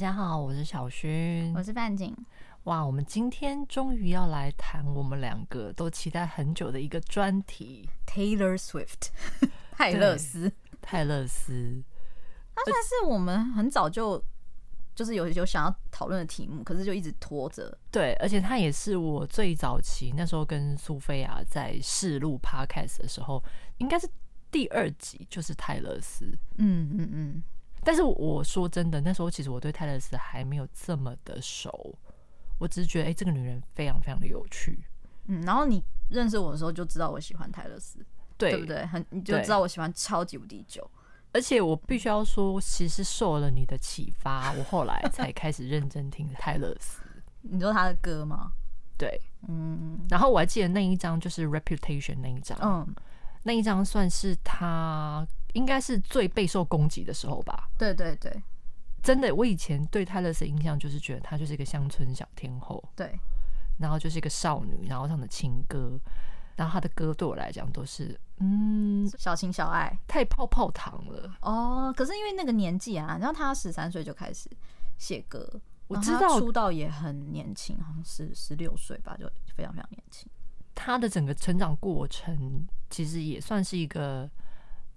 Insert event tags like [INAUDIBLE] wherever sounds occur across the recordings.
大家好，我是小薰，我是范景。哇，我們今天終於要來談我們兩個都期待很久的一個專題 ——Taylor Swift， [LAUGHS] 泰勒絲，泰勒絲。 [LAUGHS] 他算是我們很早就就是有有想要討論的題目，可是就一直拖着。對，而且他也是我最早期那時候跟蘇菲亞在試錄 Podcast 的時候，應該是第二集就是泰勒絲。嗯嗯嗯。嗯嗯但是我說真的，那時候其實我對泰勒絲還沒有這麼的熟，我只是覺得哎、欸，這個女人非常非常的有趣。嗯，然後你認識我的時候就知道我喜歡泰勒絲，對，對不對？很你就知道我喜歡超級無敵久，而且我必須要說，嗯、其實受了你的啟發，我後來才開始認真聽泰勒絲。你知道他的歌嗎？對，嗯。然後我還記得那一張就是《Reputation》那一張，嗯，那一張算是他。應該是最備受攻擊的時候吧？對對對，真的，我以前對泰勒絲的印象就是覺得他就是一個鄉村小天後，對，然後就是一個少女，然後唱的情歌，然後他的歌對我來講都是嗯，小情小愛，太泡泡糖了哦。可是因為那個年紀啊，你知道知道然後他十三歲就開始寫歌，我知道出道也很年輕，好像是十六歲吧，就非常非常年輕。他的整個成長過程其實也算是一個。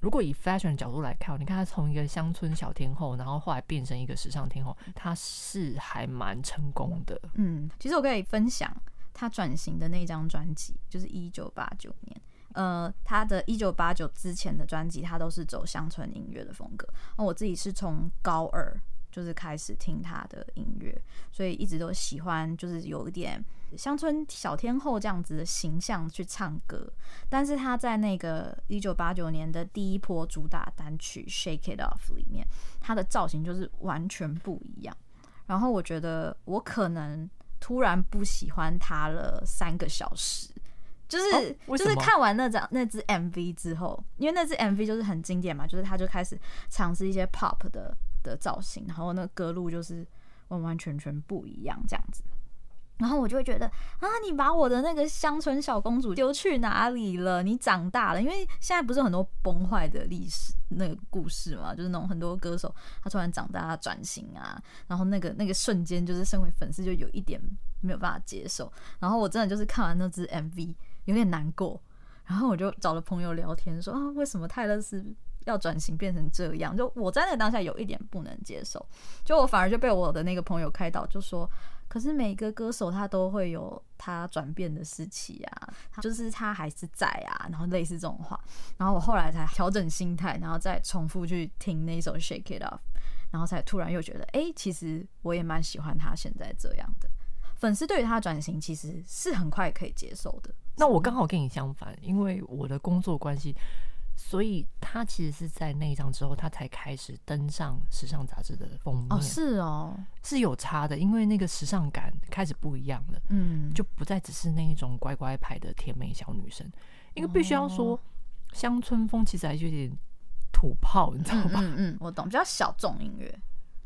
如果以 fashion 的角度來看，你看他從一個鄉村小天後，然後後來變成一個時尚天後，他是還蠻成功的。嗯，其實我可以分享他轉型的那張專輯，就是一九八九年。呃，他的一九八九之前的專輯，他都是走鄉村音樂的風格。那我自己是從高二就是開始聽他的音樂，所以一直都喜歡，就是有一點。鄉村小天後這樣子的形象去唱歌，但是他在那個一九八九年的第一波主打單曲《Shake It Off》裡面，他的造型就是完全不一樣。然後我覺得我可能突然不喜歡他了三個小時，就是、哦、就是看完那張那支 MV 之後，因為那支 MV 就是很經典嘛，就是他就開始嘗試一些 Pop 的的造型，然後那個歌路就是完完全全不一樣這樣子。然後我就會覺得啊，你把我的那個鄉村小公主丟去哪裡了？你長大了，因為現在不是很多崩壞的歷史那個故事嘛，就是那種很多歌手他突然長大轉型啊，然後那個那個瞬間就是身為粉絲就有一點沒有辦法接受。然後我真的就是看完那支 MV 有點難過，然後我就找了朋友聊天說啊，為什麼泰勒絲要轉型變成這樣？就我在那當下有一點不能接受，就我反而就被我的那個朋友開導，就說可是每一個歌手他都會有他轉變的時期啊，就是他還是在啊，然後類似這種話，然後我後來才調整心態，然後再重複去聽那首《Shake It Off》，然後才突然又覺得，哎、欸，其實我也蠻喜歡他現在這樣的。粉絲對於他轉型其實是很快可以接受的。那我剛好跟你相反，因為我的工作關係。所以她其實是在那一張之後，她才開始登上時尚雜誌的封面。哦，是哦，是有差的，因為那個時尚感開始不一樣了。嗯，就不再只是那一種乖乖牌的甜美小女生。因為必須要說，鄉村風其實還是有點土炮，你知道吧？嗯，嗯，我懂，比較小眾音樂。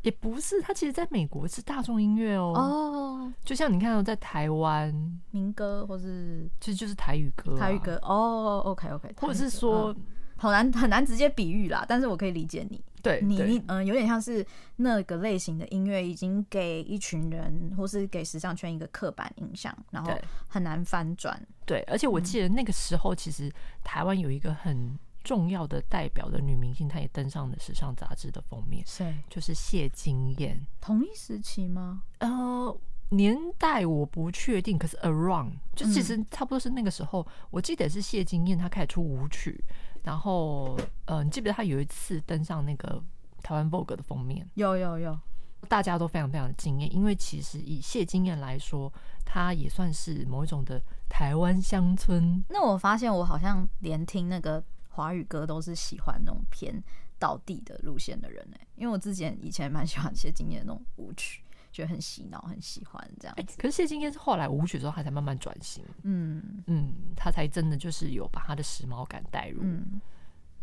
也不是，他其實在美國是大眾音樂哦。哦，就像你看到在台灣民歌，或是其實就，就是台語歌，啊，台語歌哦。OK OK，或者是說。嗯好難很難直接比喻啦，但是我可以理解你。對，對你嗯，有點像是那個類型的音樂，已經給一群人或是給時尚圈一個刻板印象，然後很難翻轉。對，對，而且我記得那個時候，其實台灣有一個很重要的代表的女明星，嗯、她也登上了時尚雜誌的封面。是對就是謝金燕。同一時期嗎？呃，年代我不確定，可是 around 就其實差不多是那個時候。嗯、我記得是謝金燕她開始出舞曲。然後，呃，你記不記得他有一次登上那個台灣 Vogue 的封面？有有有，有有，大家都非常非常的驚艷，因為其實以謝金燕來說，他也算是某一種的台灣鄉村。那我發現我好像連聽那個華語歌都是喜歡那種偏道地的路線的人。欸、因為我之前以前蠻喜歡謝金燕那種舞曲。覺得很洗腦，很喜歡這樣、欸、可是謝金燕是後來舞曲之後，她才慢慢轉型。嗯嗯，她、嗯、才真的就是有把她的時髦感帶入。嗯、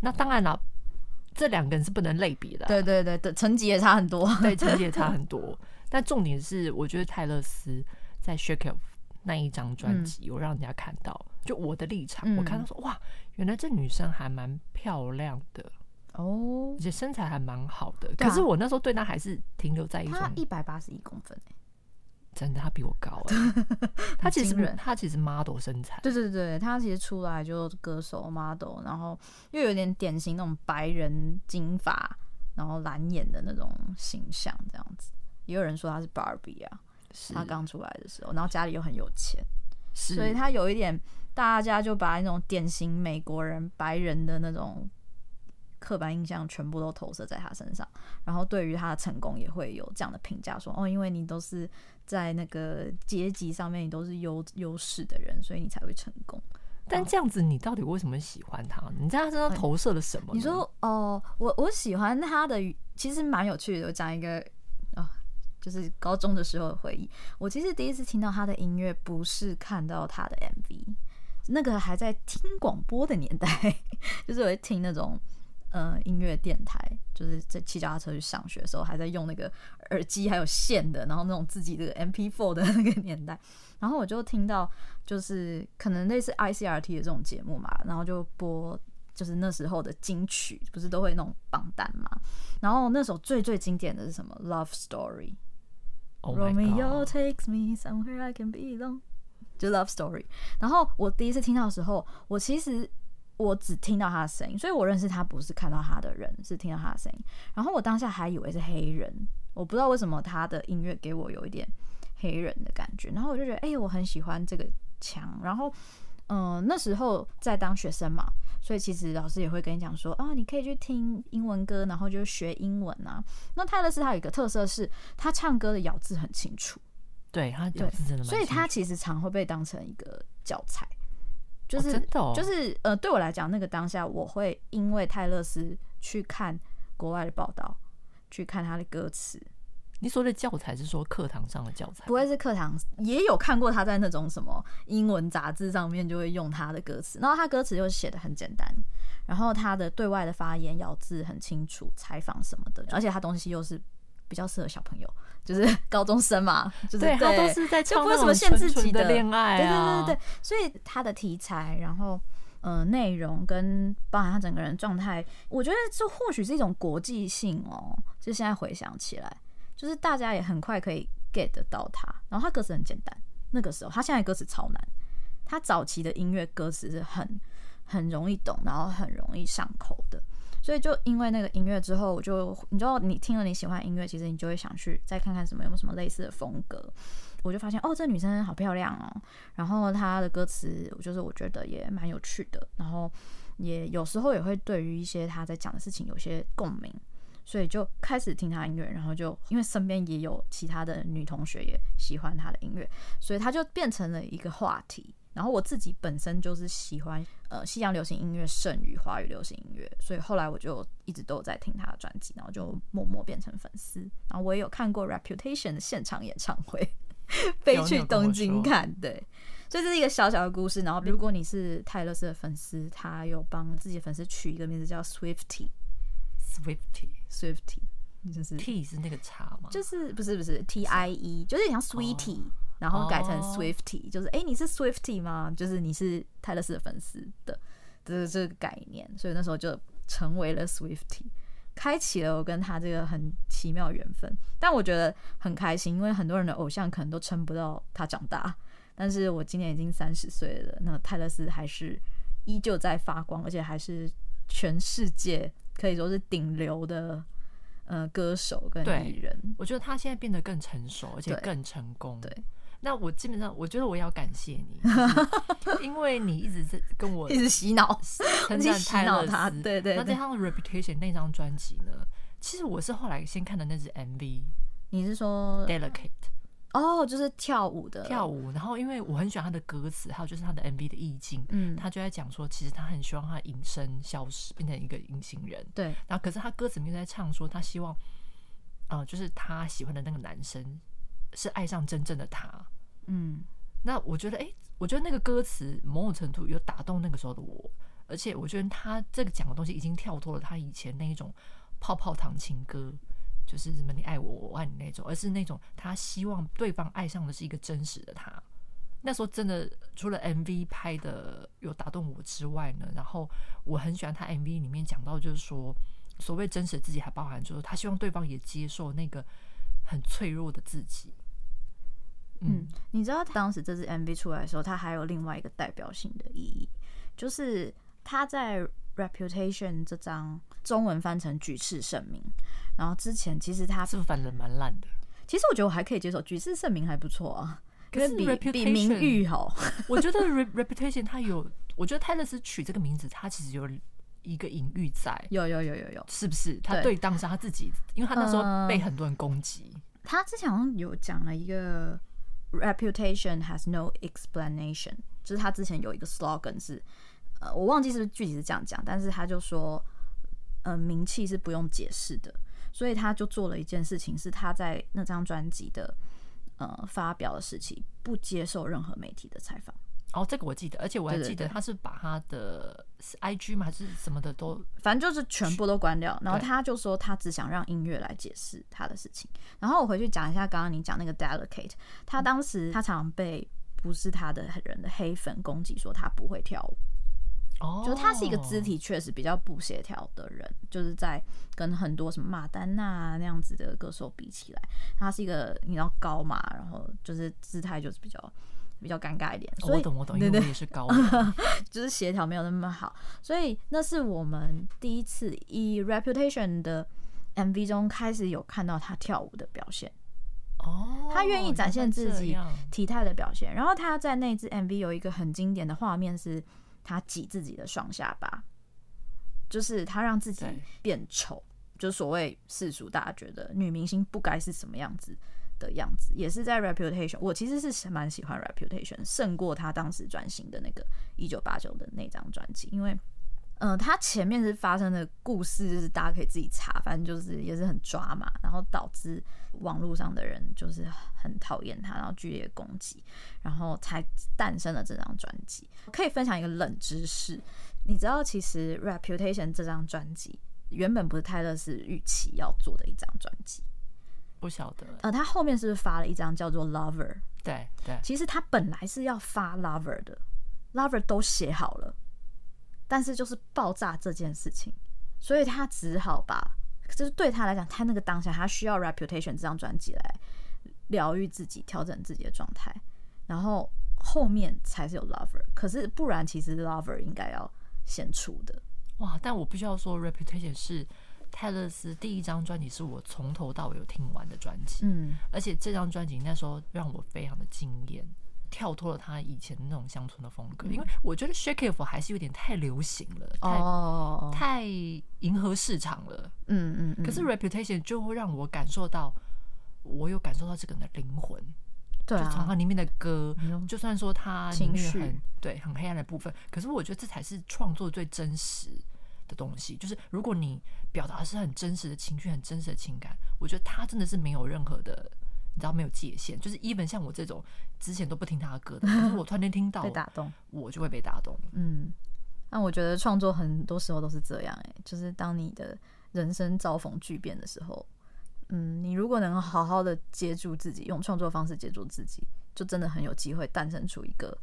那當然了，這兩個人是不能類比的、啊。對對對，的成績也差很多。對，成績也差很多。 [LAUGHS] 但重點是，我覺得泰勒斯在《Shake It Off》那一張專輯，有讓人家看到，就我的立場，我看到說，哇，原來這女生還蠻漂亮的。哦，oh, 而且身材還蠻好的，啊、可是我那時候對他還是停留在一種他一百八十一公分、欸，真的他比我高、欸， [LAUGHS] 他其實 [LAUGHS] 人他其實 model 身材，對對對，他其實出來就歌手 model，然後又有點典型那種白人金髮，然後藍眼的那種形象，這樣子，也有人說他是 Barbie 啊，是他剛出來的時候，然後家裡又很有錢，是，所以他有一點大家就把那種典型美國人白人的那種。刻板印象全部都投射在他身上，然後對於他的成功也會有這樣的評價，說哦，因為你都是在那個階級上面，你都是優優勢的人，所以你才會成功。但這樣子，你到底為什麼喜歡他？你知道他身上投射了什麼、嗯？你說哦、呃，我我喜歡他的，其實蠻有趣的。我講一個啊、哦，就是高中的時候的回憶，我其實第一次聽到他的音樂，不是看到他的 MV，那個還在聽廣播的年代，就是我一聽那種。呃，音樂電台就是在騎腳踏車去上學的時候，還在用那個耳機還有線的，然後那種自己的 MP4 的那個年代，然後我就聽到就是可能類似 ICRT 的這種節目嘛，然後就播就是那時候的金曲，不是都會那種榜單嘛，然後那首最最經典的是什麼？Love Story，Romeo、oh、my takes me somewhere I can belong 就 Love Story，然後我第一次聽到的時候，我其實。我只聽到他的聲音，所以我認識他不是看到他的人，是聽到他的聲音。然後我當下還以為是黑人，我不知道為什麼他的音樂給我有一點黑人的感覺。然後我就覺得，哎、欸，我很喜歡這個腔。然後，嗯、呃，那時候在當學生嘛，所以其實老師也會跟你講說，啊，你可以去聽英文歌，然後就學英文啊。那泰勒絲他有一個特色是，他唱歌的咬字很清楚，對，他咬字真的，所以他其實常會被當成一個教材。就是，哦哦、就是，呃，對我來講，那個當下，我會因為泰勒絲去看國外的報道，去看他的歌詞。你說的教材是說課堂上的教材？不會是課堂？也有看過他在那種什麼英文雜誌上面就會用他的歌詞，然後他歌詞又寫得很簡單，然後他的對外的發言咬字很清楚，採訪什麼的，而且他東西又是。比較適合小朋友，就是高中生嘛，就是高中生在就沒有什麼限自己的戀愛，啊，對對對對，所以他的題材，然後嗯、呃、內容跟包含他整個人狀態，我覺得這或許是一種國際性哦、喔，就現在回想起來，就是大家也很快可以 get 到他，然後他歌詞很簡單，那個時候他現在歌詞超難，他早期的音樂歌詞是很很容易懂，然後很容易上口的。所以就因為那個音樂之後，我就你知道你聽了你喜歡的音樂，其實你就會想去再看看什麼有沒有什麼類似的風格。我就發現哦，這女生好漂亮哦，然後她的歌詞就是我覺得也蠻有趣的，然後也有時候也會對於一些她在講的事情有些共鳴，所以就開始聽她音樂，然後就因為身邊也有其他的女同學也喜歡她的音樂，所以她就變成了一個話題。然後我自己本身就是喜歡呃西洋流行音樂勝於華語流行音樂，所以後來我就一直都有在聽他的專輯，然後就默默變成粉絲。然後我也有看過《Reputation》的現場演唱會，飛去東京看，對。所以這是一個小小的故事。然後如果你是泰勒絲的粉絲，他有幫自己的粉絲取一個名字叫 Swiftie、Swiftie、Swiftie，就是 T 是那個茶嗎？就是不是不是 T I E，是就是像 Sweetie。Oh. 然後改成 Swiftie、oh. 就是哎、欸，你是 Swiftie 嗎？就是你是泰勒絲的粉絲的，這、就是這個概念。所以那時候就成為了 Swiftie，開啟了我跟他這個很奇妙緣分。但我覺得很開心，因為很多人的偶像可能都撐不到他長大。但是我今年已經三十歲了，那泰勒絲還是依舊在發光，而且還是全世界可以說是頂流的呃歌手跟藝人對。我覺得他現在變得更成熟，而且更成功。對。對那我基本上，我覺得我要感謝你， [LAUGHS] 因為你一直跟我在跟在 [LAUGHS] 一直洗腦，稱讚泰勒絲。對對，那這張 Reputation 那張專輯呢？其實我是後來先看的那只 MV。你是說 Delicate 哦，就是跳舞的跳舞。然後因為我很喜歡他的歌詞，還有就是他的 MV 的意境。嗯，他就在講說，其實他很希望他隱身消失，變成一個隱形人。對。然後可是他歌詞又在唱說，他希望、呃，就是他喜歡的那個男生。是愛上真正的他，嗯，那我覺得，哎、欸，我覺得那個歌詞某種程度有打動那個時候的我，而且我覺得他這個講的東西已經跳脫了他以前那一種泡泡糖情歌，就是什麼你愛我，我愛你那種，而是那種他希望對方愛上的是一個真實的他。那時候真的除了 MV 拍的有打動我之外呢，然後我很喜歡他 MV 裡面講到，就是說所謂真實的自己，還包含就是他希望對方也接受那個很脆弱的自己。嗯，你知道當時這支 MV 出來的時候，它還有另外一個代表性的意義，就是它在 Reputation 這張中文翻成“舉世盛名”。然後之前其實它是不是翻的蠻爛的，其實我覺得我還可以接受“舉世盛名”還不錯啊，可是比可是 Reputation，比名譽好。我覺得 Reputation 它有， [LAUGHS] 我覺得泰勒絲取這個名字，它其實有一個隱喻在。有有有有有，是不是？他對當時他自己，對因為他那時候被很多人攻擊、呃，他之前好像有講了一個。Reputation has no explanation，就是他之前有一個 slogan 是，呃，我忘記是不是具體是這樣講，但是他就說，呃，名氣是不用解釋的，所以他就做了一件事情，是他在那張專輯的，呃，發表的時期不接受任何媒體的採訪。然後、哦、這個我記得，而且我還記得他是把他的是 IG 嘛還是什麼的都，對反正就是全部都關掉。然後他就說他只想讓音樂來解釋他的事情。然後我回去講一下剛剛你講那個 Delicate，他當時他常被不是他的人的黑粉攻擊，說他不會跳舞。哦，就是他是一個肢體確實比較不協調的人，就是在跟很多什麼馬丹娜那樣子的歌手比起來，他是一個你知道高嘛，然後就是姿態就是比較。比較尷尬一點，所以我懂我懂，因為也是高，就是協調沒有那麼好，所以那是我們第一次以 Reputation 的 MV 中開始有看到他跳舞的表現。哦，他願意展現自己體態的表現。然後他在那支 MV 有一個很經典的畫面，是他擠自己的雙下巴，就是他讓自己變醜，就所謂世俗大家覺得女明星不該是什麼樣子的樣子也是在 Reputation，我其實是蠻喜歡 Reputation 勝過他當時轉型的那個一九八九的那張專輯，因為嗯、呃，他前面是發生的故事，就是大家可以自己查，反正就是也是很抓馬，然後導致網絡上的人就是很討厭他，然後劇烈攻擊，然後才誕生了這張專輯。可以分享一個冷知識，你知道其實 Reputation 這張專輯原本不是泰勒絲預期要做的一張專輯。不曉得，呃，他後面是不是發了一張叫做 Lover？對對，對其實他本來是要發 Lover 的，Lover 都寫好了，但是就是爆炸這件事情，所以他只好把，可是對他來講，他那個當下他需要 Reputation 這張專輯來療愈自己、調整自己的狀態，然後後面才是有 Lover，可是不然其實 Lover 應該要先出的。哇，但我必須要說 Reputation 是。泰勒絲第一張專輯是我從頭到尾有聽完的專輯，嗯、而且這張專輯那時候讓我非常的驚艷，跳脫了他以前那種鄉村的風格，嗯、因為我覺得《Shake It Off》還是有點太流行了，哦，太迎合市場了，嗯嗯，嗯可是《Reputation》就會讓我感受到，我有感受到這個人的靈魂，對、啊，就從他裡面的歌，嗯、就算說他情緒緒很對很黑暗的部分，可是我覺得這才是創作最真實的東西就是，如果你表達的是很真實的情緒、很真實的情感，我覺得他真的是沒有任何的，你知道沒有界限。就是，even 像我這種之前都不聽他的歌的，是我突然間聽到 [LAUGHS] 被打動，我就會被打動。嗯，那我覺得創作很多時候都是這樣、欸，哎，就是當你的人生遭逢巨變的時候，嗯，你如果能好好的接住自己，用創作方式接住自己，就真的很有機會誕生出一個。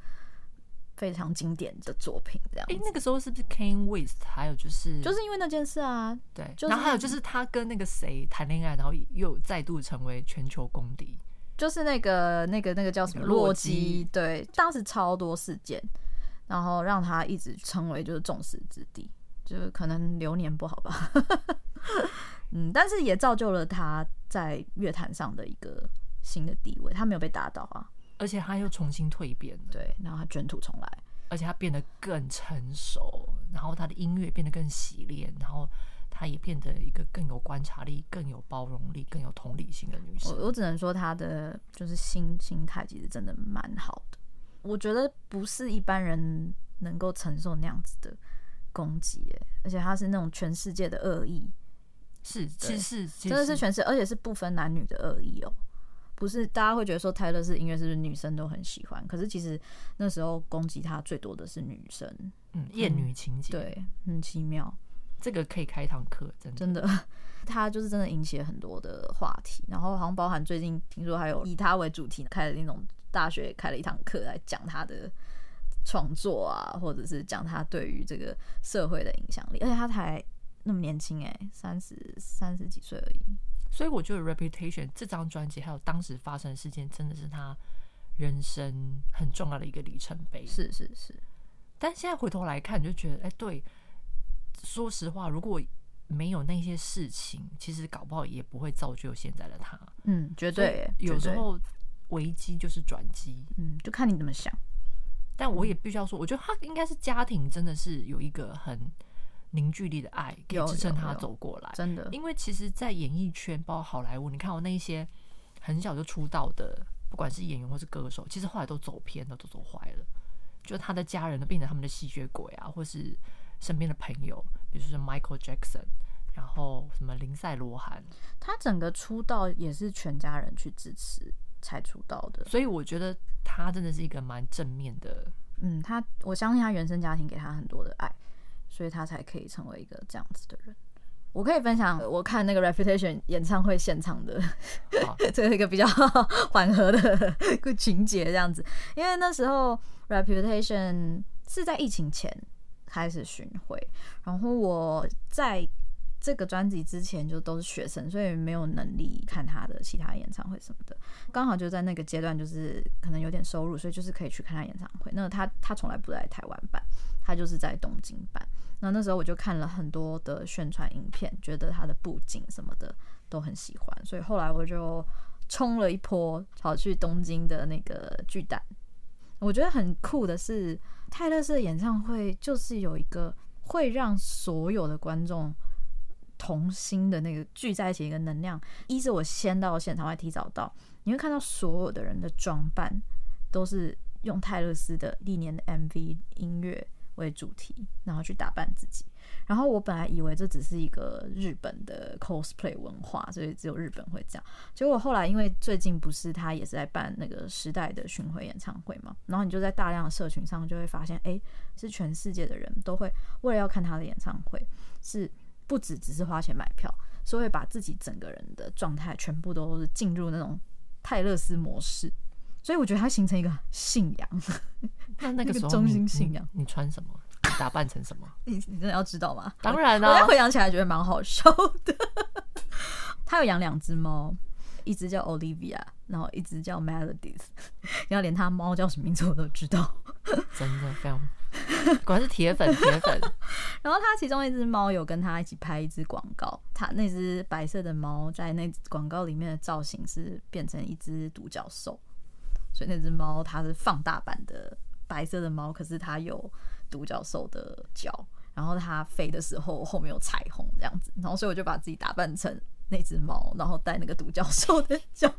非常經典的作品，這樣。誒，那個時候是不是 Kanye West？還有就是，就是因為那件事啊，對。然後還有就是他跟那個誰談戀愛，然後又再度成為全球公敵。就是那個那個那個叫什麼洛基？對，當時超多事件，然後讓他一直成為就是眾矢之的，就是可能流年不好吧。 [LAUGHS] 嗯，但是也造就了他在樂壇上的一個新的地位，他沒有被打倒啊。而且他又重新蛻變了，對，然後他捲土重來，而且他變得更成熟，然後他的音樂變得更洗練，然後他也變得一個更有觀察力、更有包容力、更有同理心的女性。我我只能說，他的就是心心態其實真的蠻好的，我覺得不是一般人能夠承受那樣子的攻擊，而且他是那種全世界的惡意，是，就是、對、就是、就是、真的是全世界，而且是不分男女的惡意哦、喔。不是大家會覺得說泰勒絲音樂是不是女生都很喜歡？可是其實那時候攻擊他最多的是女生，嗯，厭女情節，對，很奇妙，這個可以開一堂課，真的，真的，他就是真的引起了很多的話題，然後好像包含最近聽說還有以他為主題開了那種大學開了一堂課來講他的創作啊，或者是講他對於這個社會的影響力，而且他才那麼年輕哎、欸，三十三十幾歲而已。所以我覺得《Reputation》這張專輯，還有當時發生的事件，真的是他人生很重要的一個里程碑。是是是，但現在回頭來看，就覺得哎，欸、對，說實話，如果沒有那些事情，其實搞不好也不會造就現在的他。嗯，絕對。有時候危機就是轉機，嗯，就看你怎麼想。但我也必須要說，我覺得他應該是家庭，真的是有一個很。凝聚力的愛，可以支撐他走過來。有有有真的，因為其實，在演藝圈，包括好萊塢，你看，哦，我那一些很小就出道的，不管是演員或是歌手，其實後來都走偏了，都走壞了。就他的家人都，變成他們的吸血鬼啊，或是身邊的朋友，比如說 Michael Jackson，然後什麼林賽羅韓，他整個出道也是全家人去支持才出道的。所以我覺得他真的是一個蠻正面的。嗯，他我相信他原生家庭給他很多的愛。所以他才可以成為一個這樣子的人。我可以分享我看那個 Reputation 演唱會現場的，oh. [LAUGHS] 這是一個比較緩和的情節，這樣子。因為那時候 Reputation 是在疫情前開始巡回，然後我在這個專輯之前就都是學生，所以沒有能力看他的其他演唱會什麼的。剛好就在那個階段，就是可能有點收入，所以就是可以去看他演唱會。那他他從來不在台灣辦。他就是在東京辦，那那時候我就看了很多的宣傳影片，覺得他的布景什麼的都很喜歡，所以後來我就衝了一波，跑去東京的那個巨蛋。我覺得很酷的是，泰勒絲的演唱會就是有一個會讓所有的觀眾同心的那個聚在一起的一個能量。一是我先到現場，還提早到，你會看到所有的人的裝扮都是用泰勒絲的歷年的 MV 音樂為主題，然後去打扮自己。然後我本來以為這只是一個日本的 cosplay 文化，所以只有日本會這樣。結果後來，因為最近不是他也是在辦那個時代的巡迴演唱會嘛，然後你就在大量的社群上就會發現，哎，是全世界的人都會為了要看他的演唱會，是不止只是花錢買票，所以會把自己整個人的狀態全部都是進入那種泰勒絲模式。所以我覺得他形成一個信仰，那那個是 [LAUGHS] 中心信仰你，你穿什麼，你打扮成什麼？你你真的要知道嗎？當然了，我在回想起來覺得蠻好笑的。他 [LAUGHS] 有養兩只貓，一只叫 Olivia，然後一只叫 Melody，然後 [LAUGHS] 連他貓叫什麼名字我都知道， [LAUGHS] 真的非常，果然是鐵粉鐵粉。粉 [LAUGHS] 然後他其中一只貓有跟他一起拍一支廣告，他那只白色的貓在那廣告裡面的造型是變成一只獨角獸。所以那隻貓它是放大版的白色的貓，可是它有獨角獸的腳，然後它飛的時候後面有彩虹這樣子，然後所以我就把自己打扮成那隻貓，然後戴那個獨角獸的腳，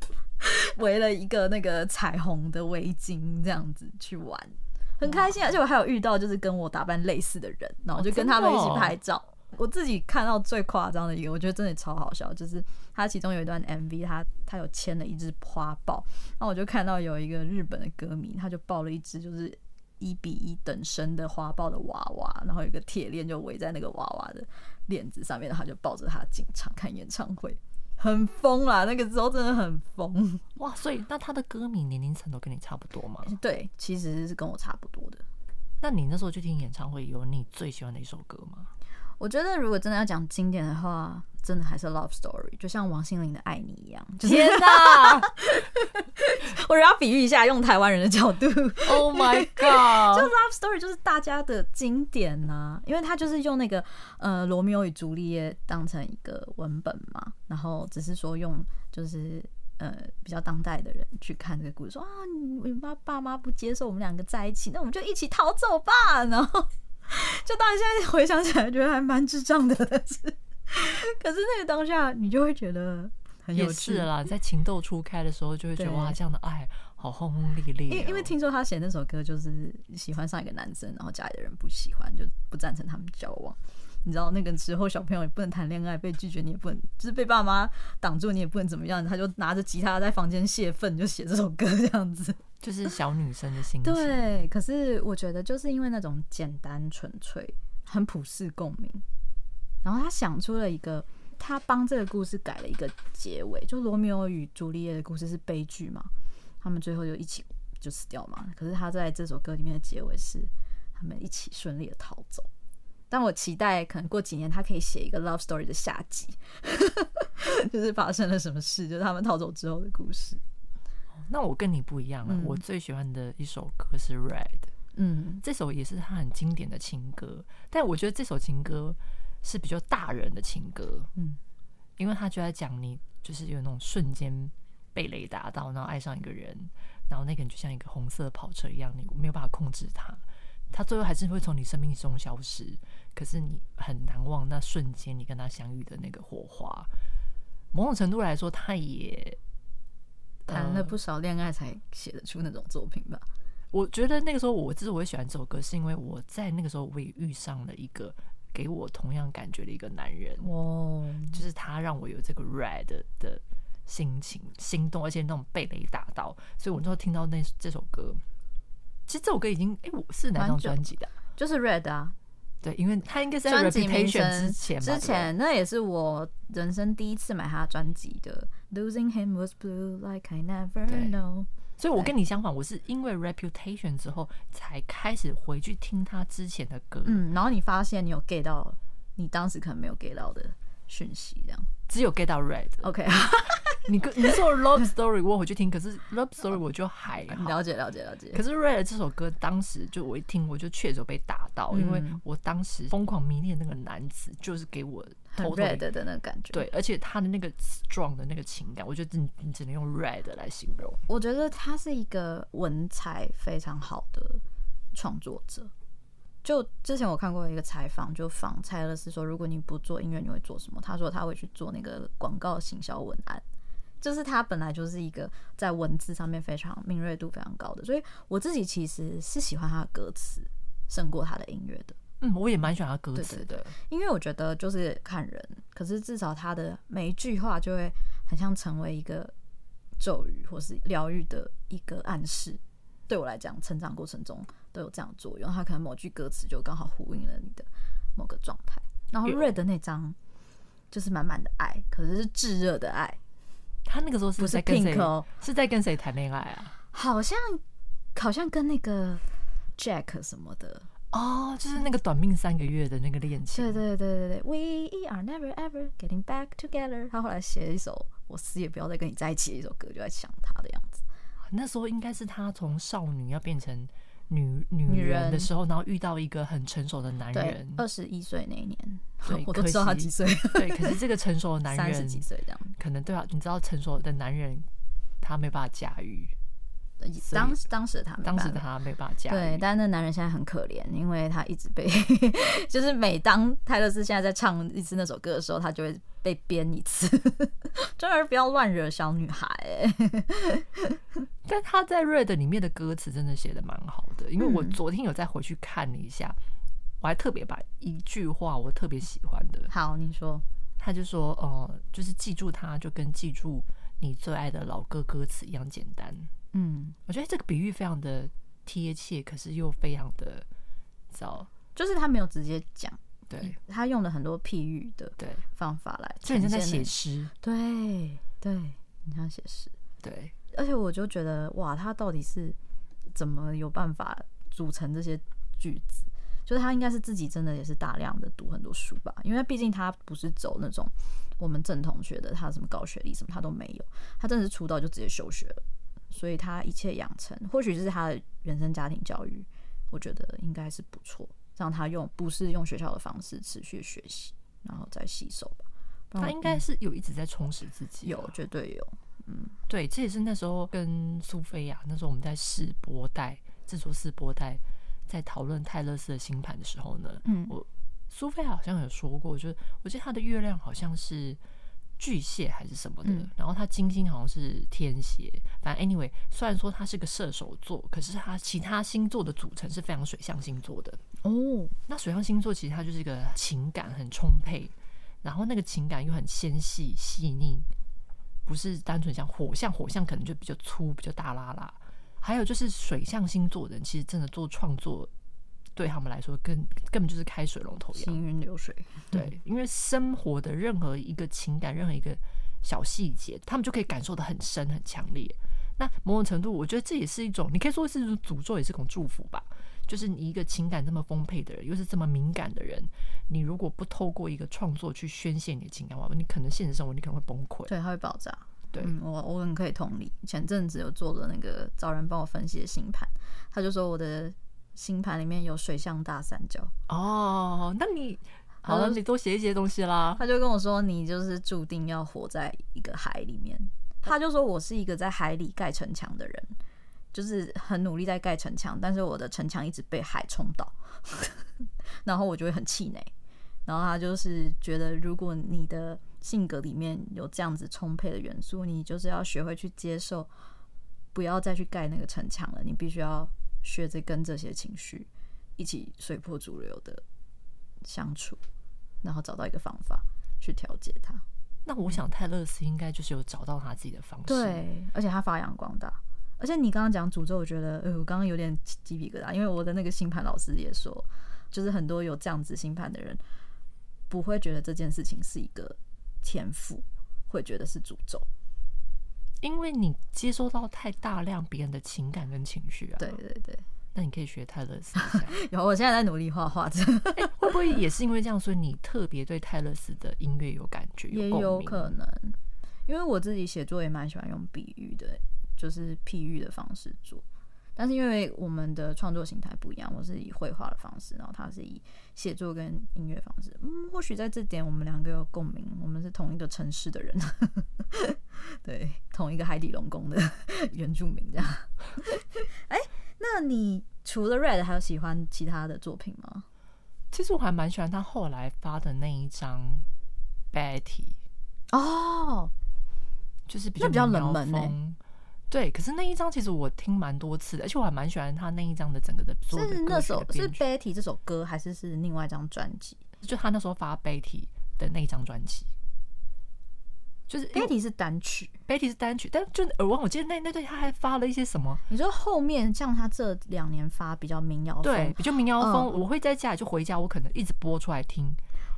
圍了一個那個彩虹的圍巾這樣子去玩，很開心啊，而且我還有遇到就是跟我打扮類似的人，然後就跟他們一起拍照。我自己看到最誇張的一個，我覺得真的超好笑，就是。他其中有一段 MV，他他有牽了一支花豹，那我就看到有一個日本的歌迷，他就抱了一隻就是一比一等身的花豹的娃娃，然後有個鐵鏈就圍在那個娃娃的鏈子上面，然後他就抱着他進場看演唱會，很瘋啦。那個時候真的很瘋哇！所以，那他的歌迷年齡層都跟你差不多嗎？對，其實是跟我差不多的。那你那時候去聽演唱會，有你最喜歡的一首歌嗎？我覺得如果真的要講經典的話，真的還是 love story，就像王心凌的《愛你》一樣。天哪、啊！ [LAUGHS] 我要比喻一下，用台灣人的角度。Oh my god！就 love story，就是大家的經典吶、啊，因為他就是用那個呃《羅密歐與朱麗葉》當成一個文本嘛，然後只是說用就是呃比較當代的人去看這個故事，說啊，你媽爸爸媽不接受我們兩個在一起，那我們就一起逃走吧，然後。就大家現在回想起來，覺得還蠻智障的但是。可是那個當下，你就會覺得很有趣啦。在情竇初開的時候，就會覺得對哇，這樣的愛好轟轟烈烈、喔。因因為聽說他寫那首歌，就是喜歡上一個男生，然後家裡的人不喜歡，就不贊成他們交往。你知道那個時候，小朋友也不能談戀愛，被拒絕你也不能，就是被爸媽擋住，你也不能怎麼樣。他就拿着吉他在房間泄憤，就寫這首歌這樣子。就是小女生的心情、嗯。對，可是我覺得就是因為那種簡單純粹，很普世共鳴。然後他想出了一個，他幫這個故事改了一個結尾。就羅密歐與朱麗葉的故事是悲劇嘛，他們最後就一起就死掉嘛。可是他在這首歌裡面的結尾是他們一起順利的逃走。但我期待可能過幾年他可以寫一個 love story 的下集， [LAUGHS] 就是發生了什麼事，就是他們逃走之後的故事。那我跟你不一樣了。嗯、我最喜歡的一首歌是《Red》，嗯，這首也是他很經典的情歌。但我覺得這首情歌是比較大人的情歌，嗯，因為他就在講你就是有那種瞬間被雷打到，然後愛上一個人，然後那個人就像一個紅色的跑車一樣，你沒有辦法控制他，他最後還是會從你生命中消失。可是你很難忘那瞬間你跟他相遇的那個火花。某種程度來說，他也。談了不少戀愛才寫得出那種作品吧？Uh, 我覺得那個時候，我之所以喜歡這首歌，是因為我在那個時候我也遇上了一個給我同樣感覺的一個男人，oh. 就是他讓我有這個 red 的心情、心動，而且那種被雷打到，所以我就聽到那這首歌。其實這首歌已經，哎、欸，我是哪張專輯的？就是 Red 啊。對，因為他應該是《Reputation》之前，之前那也是我人生第一次買他專輯的，《Losing Him Was Blue Like I Never Know》。所以，我跟你相反，我是因為《Reputation》之後才開始回去聽他之前的歌。嗯，然後你發現你有 get 到，你當時可能沒有 get 到的。訊息這樣，只有 get 到 red，OK，你你說 love story，我回去聽，可是 love story 我就還好了解了解了解。可是 red 這首歌，當時就我一聽，我就確實被打到，嗯、因為我當時瘋狂迷戀那個男子，就是給我 red 的那個感覺。對，而且他的那個 strong 的那個情感，我覺得你只能用 red 來形容。我覺得他是一個文采非常好的創作者。就之前我看過一個採訪，就訪泰勒絲說，如果你不做音樂，你會做什麼？他說他會去做那個廣告行銷文案，就是他本來就是一個在文字上面非常敏銳度非常高的，所以我自己其實是喜歡他的歌詞勝過他的音樂的。嗯，我也蠻喜歡他歌詞的，因為我覺得就是看人，可是至少他的每一句話就會很像成為一個咒語或是療癒的一個暗示。對我來講，成長過程中。都有這樣作用，他可能某句歌詞就剛好呼應了你的某個狀態。然後 Red 的那張就是滿滿的愛，可是是炙熱的愛。他那個時候是在 Pink 哦，是在跟誰談戀愛啊？好像好像跟那個 Jack 什麼的哦，oh, 就是那個短命三個月的那個戀情。對對對對對，We are never ever getting back together，他後來寫一首我死也不要再跟你在一起的一首歌，就在想他的樣子。那時候應該是他從少女要變成女女人的時候，然後遇到一個很成熟的男人，二十一歲那一年，對我都知道他幾歲。對，可是這個成熟的男人三十 [LAUGHS] 幾歲這樣，可能對啊，你知道成熟的男人他沒辦法駕馭。當當時的他，當時他沒辦法駕馭。對，但是那男人現在很可憐，因為他一直被， [LAUGHS] 就是每當泰勒絲現在在唱一次那首歌的時候，他就會。被編一次，真的不要亂惹小女孩。 [LAUGHS] 但她在《Red》裡面的歌詞真的寫的蠻好的，因為我昨天有再回去看了一下，嗯、我還特別把一句話我特別喜歡的。好，你說，他就說，呃，就是記住它，就跟記住你最愛的老歌歌詞一樣簡單。嗯，我覺得這個比喻非常的貼切，可是又非常的糟，你知道就是他沒有直接講。他用了很多譬喻的方法來，就是你在寫詩，對對，你在寫詩，對。對而且我就覺得哇，他到底是怎麼有辦法組成這些句子？就是他應該是自己真的也是大量的讀很多書吧，因為畢竟他不是走那種我們正統學的，他什麼高學歷什麼他都沒有，他真的是出道就直接休學了，所以他一切養成，或許是他的原生家庭教育，我覺得應該是不錯。讓他用不是用學校的方式持續學習，然後再吸收吧。他應該是有一直在充實自己、嗯，有絕對有。嗯，對，這也是那時候跟蘇菲亞那時候我們在試播帶制作試播帶，在討論泰勒絲的星盤的時候呢，嗯，我蘇菲亞好像有說過，就是我記得他的月亮好像是巨蟹還是什麼的，嗯、然後他金星好像是天蠍，反正 anyway，雖然說他是個射手座，可是他其他星座的組成是非常水象星座的。哦，那水象星座其實它就是一個情感很充沛，然後那個情感又很纖細細膩，不是單純像火象，火象可能就比較粗比較大啦啦。還有就是水象星座的人其實真的做創作，對他們來說更根本就是開水龍頭一樣，行雲流水。對，因為生活的任何一個情感，任何一個小細節，他們就可以感受得很深很強烈。那某種程度，我覺得這也是一種，你可以說是一種詛咒，也是一種祝福吧。就是你一個情感這麼豐沛的人，又是這麼敏感的人，你如果不透過一個創作去宣洩你的情感的話，你可能現實生活你可能會崩潰，對，他會爆炸。對，我、嗯，我很可以同理。前陣子有做了那個找人幫我分析的星盤，他就說我的星盤裡面有水象大三角。哦、oh，那你好了，你多寫一些東西啦。他就跟我說，你就是注定要活在一個海裡面。他就說我是一個在海裡蓋城牆的人。就是很努力在蓋城牆，但是我的城牆一直被海沖倒， [LAUGHS] 然後我就會很氣餒。然後他就是覺得，如果你的性格裡面有這樣子充沛的元素，你就是要學會去接受，不要再去蓋那個城牆了。你必須要學着跟這些情緒一起隨波逐流的相處，然後找到一個方法去調節它。那我想泰勒絲應該就是有找到他自己的方式，對，而且他發揚光大。而且你剛剛講詛咒，我覺得、呃、我剛剛有點雞皮疙瘩，因為我的那個星盤老師也說，就是很多有這樣子星盤的人，不會覺得這件事情是一個天賦，會覺得是詛咒，因為你接收到太大量別人的情感跟情緒啊。對對對，那你可以學泰勒絲然後有，我現在在努力畫畫着。 [LAUGHS] 會不會也是因為這樣，所以你特別對泰勒絲的音樂有感覺？有也有可能，因為我自己寫作也蠻喜歡用比喻的。對就是譬喻的方式做，但是因為我們的創作形態不一樣，我是以繪畫的方式，然後他是以寫作跟音樂方式。嗯，或許在這點我們兩個有共鳴，我們是同一個城市的人， [LAUGHS] 對，同一個海底龍宮的原住民這樣。哎、 [LAUGHS] 欸，那你除了 Red 還有喜歡其他的作品嗎？其實我還蠻喜歡他後來發的那一張《Betty》哦，就是比較，比較冷門，欸對，可是那一張其實我聽蠻多次的，而且我還蠻喜歡他那一張的整個的，的，的是。是那首是 Betty 這首歌，還是是另外一張專輯？就他那時候發 Betty 的那張專輯，就是 Betty 是單曲，Betty 是單曲，但就耳忘，我記得那那對他還發了一些什麼。你說後面像他這兩年發比較民謠風，對，比較民謠風，嗯，我會在家裡就回家，我可能一直播出來聽。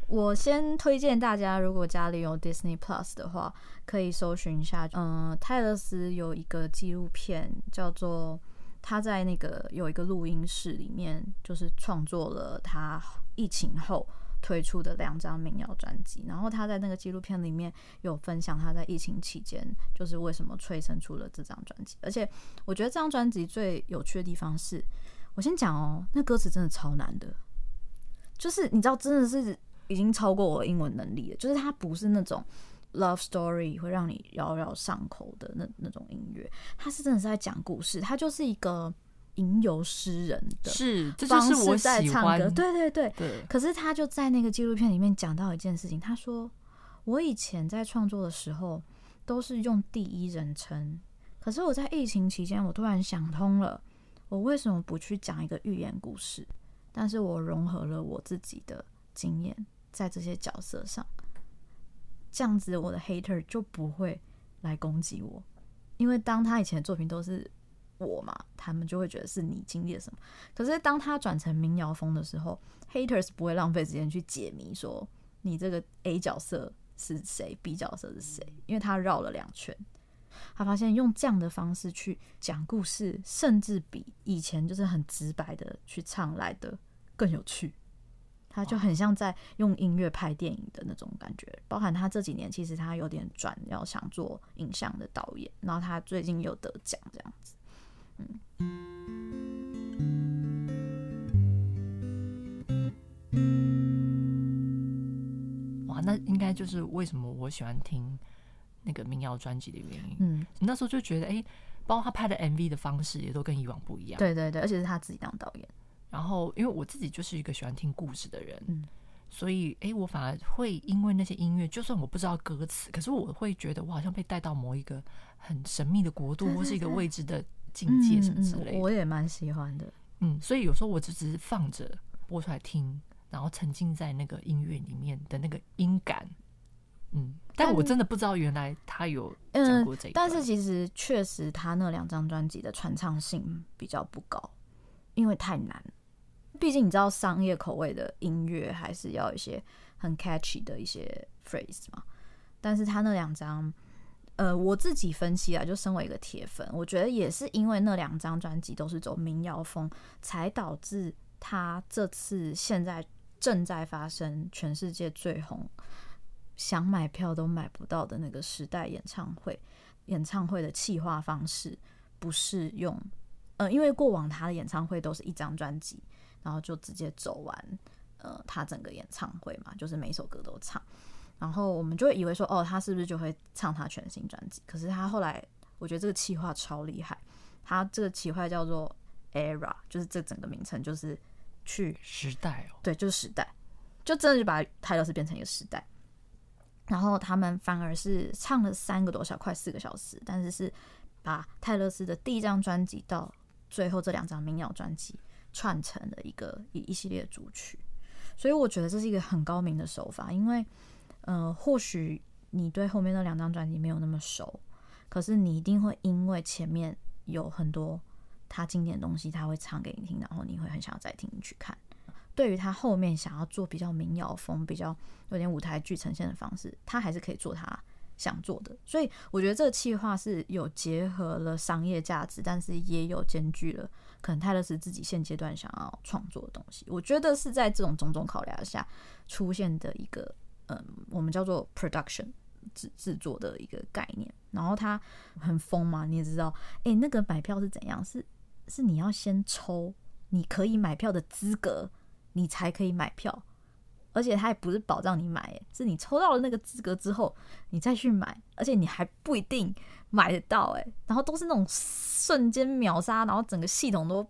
我先推薦大家，如果家裡有 Disney Plus 的話，可以搜尋一下、呃。嗯，泰勒絲有一個紀錄片，叫做他在那個有一個錄音室裡面，就是創作了他疫情後推出的兩張民謠專輯。然後他在那個紀錄片裡面有分享他在疫情期間就是為什麼催生出了這張專輯。而且我覺得這張專輯最有趣的地方是，我先講哦，那歌詞真的超難的，就是你知道，真的是。已經超過我的英文能力了。就是他不是那種 love story 會讓你咬咬上口的那那種音樂，他是真的是在講故事。他就是一個吟遊詩人的方式在唱歌。是，這就是我在唱歌。對對對對。對可是他就在那個紀錄片裡面講到一件事情，他說我以前在創作的時候都是用第一人稱，可是我在疫情期間，我突然想通了，我為什麼不去講一個寓言故事？但是我融合了我自己的經驗。在這些角色上，這樣子我的 hater 就不會來攻擊我，因為當他以前的作品都是我嘛，他們就會覺得是你經歷了什麼。可是當他轉成民謠風的時候，haters 不會浪費時間去解謎，說你這個 A 角色是誰，B 角色是誰，因為他繞了兩圈，他發現用這樣的方式去講故事，甚至比以前就是很直白的去唱來的更有趣。他就很像在用音樂拍電影的那種感覺，包含他這幾年其實他有點轉，要想做影像的導演，然後他最近又得獎這樣子，嗯。哇，那應該就是為什麼我喜歡聽那個民謠專輯的原因。嗯，你那時候就覺得，哎、欸，包括他拍的 MV 的方式也都跟以往不一樣。對對對，而且是他自己當導演。然後，因為我自己就是一個喜歡聽故事的人，嗯，所以哎、欸，我反而會因為那些音樂，就算我不知道歌詞，可是我會覺得我好像被帶到某一個很神秘的國度，嗯、或是一個未知的境界什麼之類的。嗯、我也蠻喜歡的，嗯，所以有時候我就只是放着播出來聽，然後沉浸在那個音樂裡面的那個音感，嗯，但我真的不知道原來他有講過這個，嗯。但是其實確實他那兩張專輯的傳唱性比較不高，因為太難。畢竟你知道商業口味的音樂還是要一些很 catchy 的一些 phrase 嘛。但是他那兩張，呃，我自己分析啊，就身為一個鐵粉，我覺得也是因為那兩張專輯都是走民謠風，才導致他這次現在正在發生全世界最紅，想買票都買不到的那個時代演唱會。演唱會的企劃方式不適用，呃，因為過往他的演唱會都是一張專輯。然後就直接走完，呃，他整個演唱會嘛，就是每一首歌都唱。然後我們就以為說，哦，他是不是就會唱他全新專輯？可是他後來，我覺得這個企劃超厲害。他這個企劃叫做 Era，就是這整個名稱就是去時代，哦。對，就是時代，就真的就把泰勒斯變成一個時代。然後他們反而是唱了三個多小時，快四個小時，但是是把泰勒斯的第一張專輯到最後這兩張民謠專輯。串成的一個一一系列的組曲，所以我覺得這是一個很高明的手法。因為，呃，或許你對後面那兩張專輯沒有那麼熟，可是你一定會因為前面有很多他經典的東西，他會唱給你聽，然後你會很想要再聽、去看。對於他後面想要做比較民謠風、比較有點舞台劇呈現的方式，他還是可以做他。想做的，所以我覺得這個企劃是有結合了商業價值，但是也有兼具了可能泰勒絲自己現階段想要創作的東西。我覺得是在這種種種考量下出現的一個，嗯，我們叫做 production 製製作的一個概念。然後他很瘋嘛，你也知道，哎，那個買票是怎樣？是是你要先抽，你可以買票的資格，你才可以買票。而且它也不是保障你買，是你抽到了那個資格之後，你再去買，而且你還不一定買得到哎。然後都是那種瞬間秒殺，然後整個系統都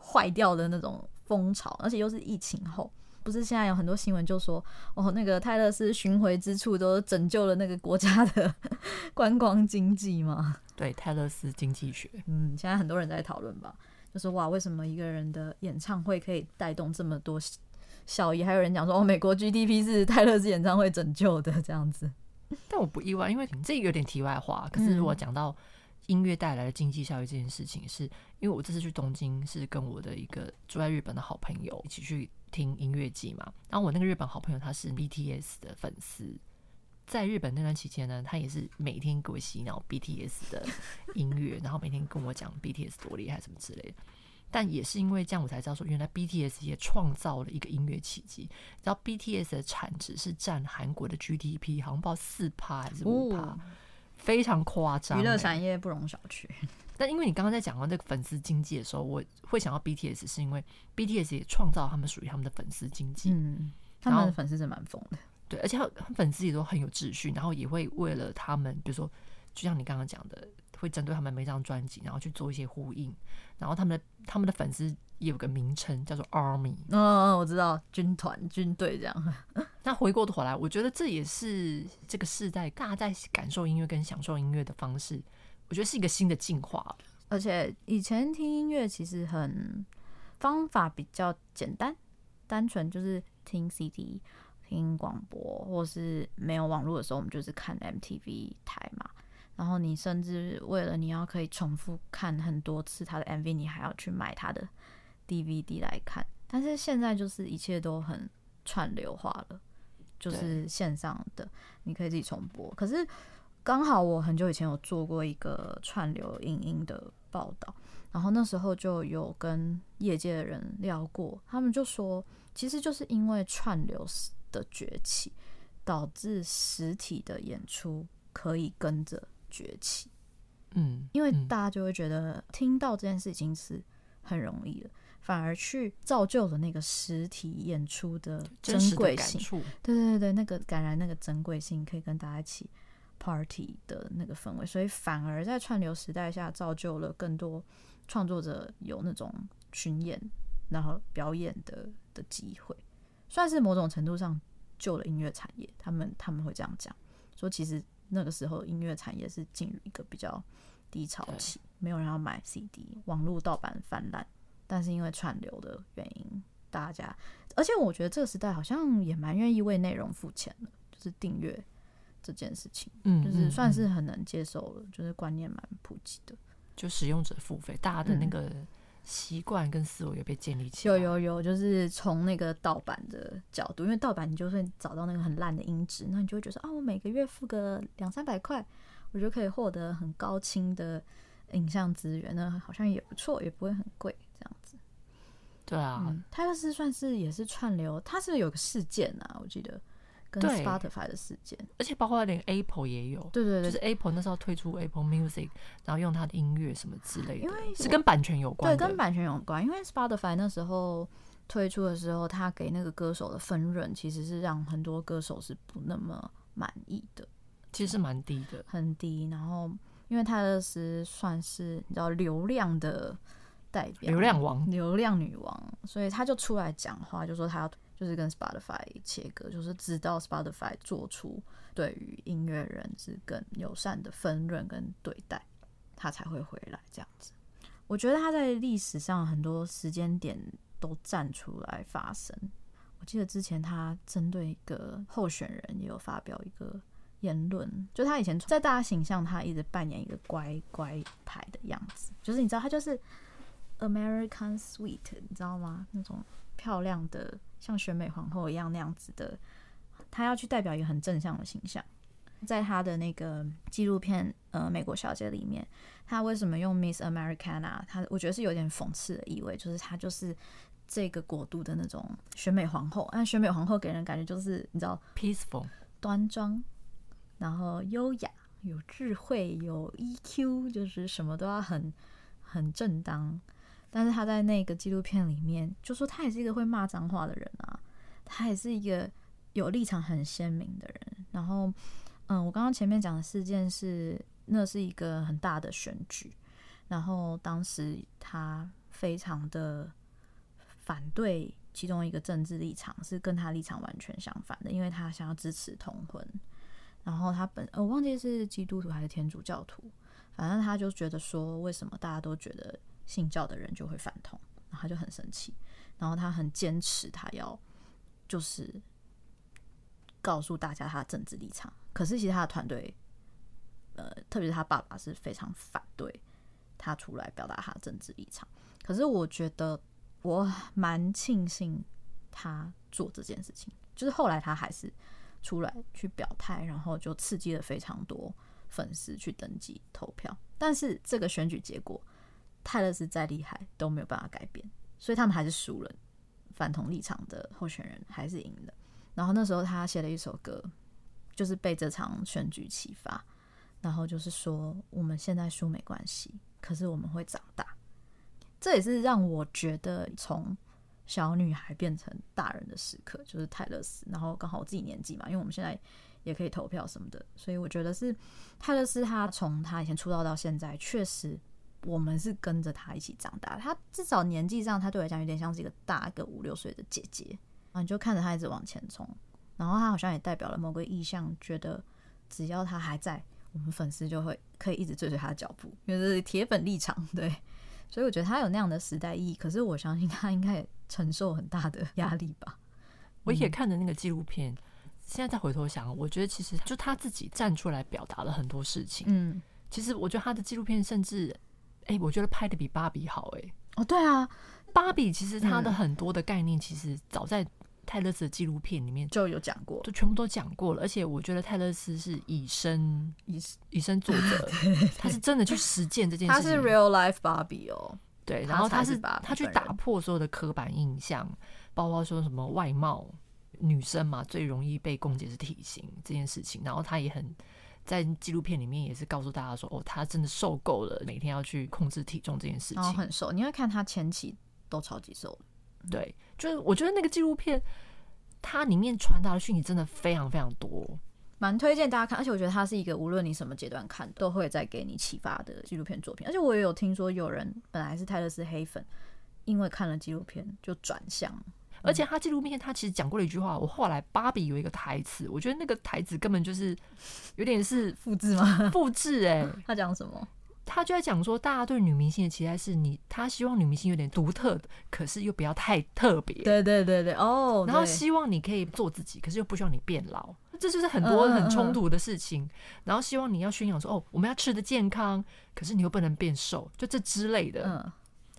壞掉的那種風潮，而且又是疫情後，不是現在有很多新聞就說，哦，那個泰勒絲巡迴之處都拯救了那個國家的 [LAUGHS] 觀光經濟嗎？對，泰勒絲經濟學，嗯，現在很多人在討論吧，就是哇，為什麼一個人的演唱會可以帶動這麼多？小姨還有人講說，哦，美國 GDP 是泰勒絲演唱會拯救的這樣子，但我不意外，因為這個有點題外話。可是如果講到音樂帶來的經濟效益這件事情是，是因為我這次去東京是跟我的一個住在日本的好朋友一起去聽音樂祭嘛。然後我那個日本好朋友他是 BTS 的粉絲，在日本那段期間呢，他也是每天給我洗腦 BTS 的音樂， [LAUGHS] 然後每天跟我講 BTS 多厲害什麼之類的。但也是因為這樣，我才知道說，原來 BTS 也創造了一個音樂奇蹟。然後 BTS 的產值是占韓國的 GDP，好像報四趴還是五趴，非常誇張。娛樂產業不容小覷。但因為你剛剛在講到這個粉絲經濟的時候，我會想到 BTS 是因為 BTS 也創造了他們屬於他們的粉絲經濟。嗯，他們的粉絲是蠻瘋的，對，而且他粉絲也都很有秩序，然後也會為了他們，比如說，就像你剛剛講的。會針對他們每張專輯，然後去做一些呼應，然後他們的他們的粉絲也有個名稱叫做 Army。嗯、哦，我知道，軍團、軍隊這樣。 [LAUGHS] 那回過頭來，我覺得這也是這個世代大家在感受音樂跟享受音樂的方式，我覺得是一個新的進化。而且以前聽音樂其實很方法比較簡單，單純就是聽 CD、聽廣播，或是沒有網絡的時候，我們就是看 MTV 台嘛。然後你甚至為了你要可以重複看很多次他的 MV，你還要去買他的 DVD 來看。但是現在就是一切都很串流化了，就是線上的你可以自己重播。可是剛好我很久以前有做過一個串流影音的報道，然後那時候就有跟業界的人聊過，他們就說，其實就是因為串流的崛起，導致實體的演出可以跟着。崛起，嗯，因為大家就會覺得聽到這件事已經是很容易了，反而去造就了那個實體演出的珍貴性。對對對那個感染那個珍貴性，可以跟大家一起 party 的那個氛圍，所以反而在串流時代下，造就了更多創作者有那種巡演然後表演的的機會，算是某種程度上救了音樂產業。他們他們會這樣講說，其實。那個時候，音樂產業是進入一個比較低潮期，沒有人要買 CD，網絡盜版氾濫，但是因為串流的原因，大家，而且我覺得這個時代好像也蠻願意為內容付錢的，就是訂閱這件事情，嗯，就是算是很能接受了，嗯、就是觀念蠻普及的，就使用者付費，大家的那個。嗯習慣跟思維有被建立起來，有有有，就是從那個盜版的角度，因為盜版你就算找到那個很爛的音質，那你就會覺得啊、哦，我每個月付個兩三百塊，我就可以獲得很高清的影像資源，那，好像也不錯，也不會很貴，這樣子。對啊，他又是算是也是串流，他是有個事件啊，我記得。跟 Sp 事件，對，Spotify 的時間，而且包括連 Apple 也有，對對對，就是 Apple 那時候推出 Apple Music，然後用他的音樂什麼之類的，因為是跟版權有關，對，跟版權有關，因為 Spotify 那時候推出的時候，他給那個歌手的分潤其實是讓很多歌手是不那麼滿意的，其實是蠻低的，嗎很低。然後因為他的是算是你知道流量的，代表，流量王，流量女王，所以他就出來講話，就說他要。就是跟 Spotify 切割，就是直到 Spotify 做出對於音樂人是更友善的分潤跟對待，他才會回來這樣子。我覺得他在歷史上很多時間點都站出來發聲。我記得之前他針對一個候選人也有發表一個言論，就他以前在大家形象，他一直扮演一個乖乖牌的樣子，就是你知道他就是 American Sweet，你知道嗎？那種漂亮的。像選美皇後一樣那樣子的，她要去代表一個很正向的形象。在她的那個紀錄片呃，《美國小姐》裡面，她為什麼用 Miss Americana？她我覺得是有點諷刺的意味，就是她就是這個國度的那種選美皇後。但選美皇后給人感覺就是你知道，peaceful，端莊，然後優雅，有智慧，有 EQ，就是什麼都要很很正當。但是他在那個紀錄片裡面就說，他也是一個會罵髒話的人啊，他也是一個有立場很鮮明的人。然後，嗯，我剛剛前面講的事件是那是一個很大的選舉，然後當時他非常的反對，其中一個政治立場是跟他立場完全相反的，因為他想要支持同婚。然後他本呃、哦、我忘記是基督徒還是天主教徒，反正他就覺得說，為什麼大家都覺得。信教的人就會反同，然後他就很生氣，然後他很堅持，他要就是告訴大家他的政治立場。可是其實他的團隊，呃，特別是他爸爸是非常反對他出來表達他的政治立場。可是我覺得我蠻慶幸他做這件事情，就是後來他還是出來去表態，然後就刺激了非常多粉絲去登記投票。但是這個選舉結果。泰勒絲再厲害都沒有辦法改變，所以他們還是輸了。反同立場的候選人還是贏了。然後那時候他寫了一首歌，就是被這場選舉啟發。然後就是說，我們現在輸沒關係，可是我們會長大。這也是讓我覺得從小女孩變成大人的時刻，就是泰勒絲。然後剛好我自己年紀嘛，因為我們現在也可以投票什麼的，所以我覺得是泰勒絲。他從他以前出道到現在，確實。我們是跟着他一起長大，他至少年紀上，他對我來講有點像是一個大個五六歲的姐姐啊，你就看着他一直往前衝，然後他好像也代表了某個意象，覺得只要他還在，我們粉絲就會可以一直追隨他的腳步，就是鐵粉立場對。所以我覺得他有那樣的時代意義，可是我相信他應該也承受很大的壓力吧。我也看的那個紀錄片，現在再回頭想，我覺得其實就他自己站出來表達了很多事情，嗯，其實我覺得他的紀錄片甚至。哎、欸，我覺得拍得比芭比好誒、欸，哦，對啊，芭比其實他的很多的概念，其實早在泰勒絲的紀錄片裡面就有講過，就全部都講過了。而且我覺得泰勒絲是以身以以身作則， [LAUGHS] 對對對對，他是真的去實踐這件事情。他是 real life 芭比哦，對，然後他是，他，是他去打破所有的刻板印象，包括說什麼外貌，女生嘛最容易被攻擊是體型這件事情，然後他也很。在紀錄片裡面也是告訴大家說，哦，他真的受夠了每天要去控制體重這件事情，很瘦。你會看他前期都超級瘦，對，就是我覺得那個紀錄片，它裡面傳達的訊息真的非常非常多，蠻推薦大家看。而且我覺得它是一個無論你什麼階段看，都會再給你啟發的紀錄片作品。而且我也有聽說有人本來是泰勒絲黑粉，因為看了紀錄片就轉向。而且他紀錄片，他其實講過了一句話。我後來芭比有一個台詞，我覺得那個台詞根本就是有點是複製、欸、製嗎？複製哎，他講什麼？他就在講說，大家對女明星的期待是你，他希望女明星有點獨特，可是又不要太特別。對對對對，哦、oh,，然後希望你可以做自己，對可是又不希望你變老。這就是很多很衝突的事情。Uh, uh, 然後希望你要宣揚說，哦，我們要吃得健康，可是你又不能變瘦，就這之類的。嗯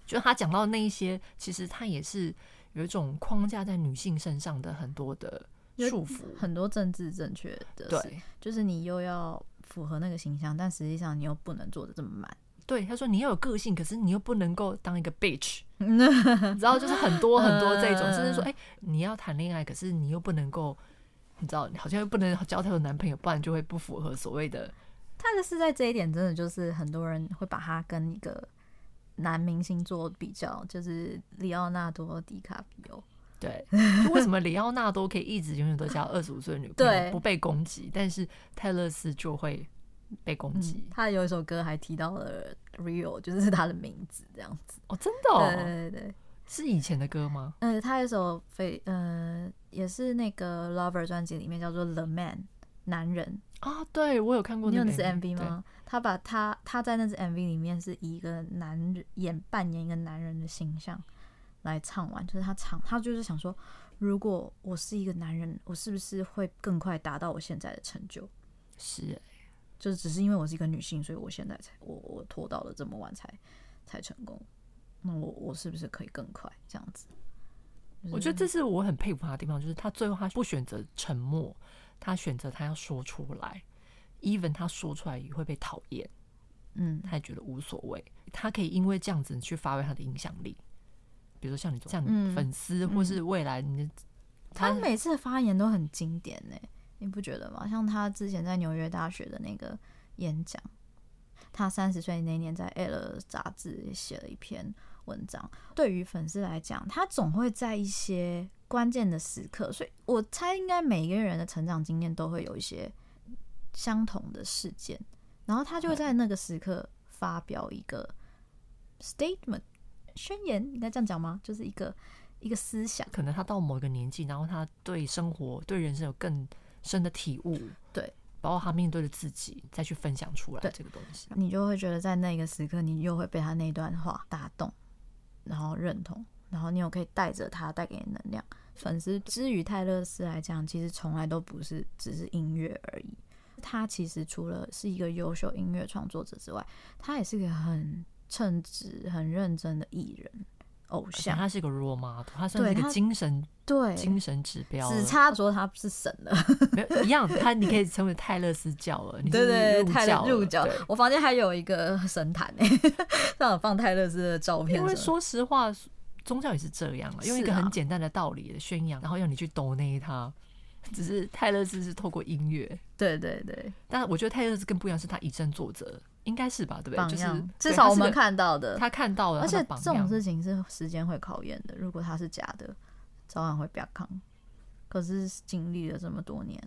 ，uh, 就他講到那一些，其實他也是。有一種框架在女性身上的很多的束縛，很多政治正確的對，就是你又要符合那個形象，但實際上你又不能做的這麼滿。對，他說你要有個性，可是你又不能夠當一個 bitch，然後就是很多很多這種，甚至說哎，你要談戀愛，可是你又不能夠，你知道好像又不能交太多男朋友，不然就會不符合所謂的。他的是在這一點，真的就是很多人會把他跟一個。男明星做比較，就是里奧納多·迪卡皮歐。對，為什麼里奧納多可以一直永遠都交二十五歲女， [LAUGHS] 對不被攻擊，但是泰勒絲就會被攻擊，嗯？他有一首歌還提到了 Leo 就是他的名字，這樣子。哦，真的、哦？對，對對對，是以前的歌嗎？嗯、呃，他有一首非，嗯、呃，也是那個 Lover 專輯裡面叫做《The Man》男人。啊、哦，對，我有看過那，個、你有那支 MV 嗎？對他把他他在那支 MV 裡面是以一個男人演扮演一個男人的形象來唱完，就是他唱他就是想說，如果我是一個男人，我是不是會更快達到我現在的成就？是、欸，就是只是因為我是一個女性，所以我現在才我我拖到了這麼晚才才成功。那我我是不是可以更快這樣子？就是，我覺得這是我很佩服他的地方，就是他最後他不選擇沉默。他選擇他要說出來，even 他說出來也會被討厭，嗯，他也覺得無所謂，他可以因為這樣子去發揮他的影響力，比如說像你這樣，粉絲或是未來你，嗯嗯、他、他每次發言都很經典呢。欸，你不覺得嗎？像他之前在紐約大學的那個演講，他三十歲那年在《Elle》雜誌寫了一篇文章，對於粉絲來講，他總會在一些。關鍵的時刻，所以我猜應該每一個人的成長經驗都會有一些相同的事件，然後他就會在那個時刻發表一個 statement 宣言，應該這樣講嗎？就是一個一個思想，可能他到某一個年紀，然後他對生活、對人生有更深的體悟，對，包括他面對的自己，再去分享出來這個東西，你就會覺得在那個時刻，你又會被他那段話打動，然後認同。然後你有可以帶着他帶給你的能量。粉絲之於泰勒絲來講，其實從來都不是只是音樂而已。他其實除了是一個優秀音樂創作者之外，他也是個很稱職、很認真的藝人偶像。他是一個 role model，他算是一個精神對,對精神指標，只差說他是神了。 [LAUGHS] 沒有一樣，他你可以成為泰勒絲教了，你是是了對,對，入教。入教對，我房間還有一個神壇呢，讓 [LAUGHS] 我放泰勒絲的照片的。因為說實話。宗教也是這樣了，用一個很簡單的道理宣揚，啊、然後讓你去懂那一套。只是泰勒絲是透過音樂， [LAUGHS] 對對對。但我覺得泰勒絲更不一樣，是他以身作則，應該是吧？對不對？榜樣，至少我們看到的，他看到了，的，而且這種事情是時間會考驗的。如果他是假的，早晚會比較康。可是經歷了這麼多年，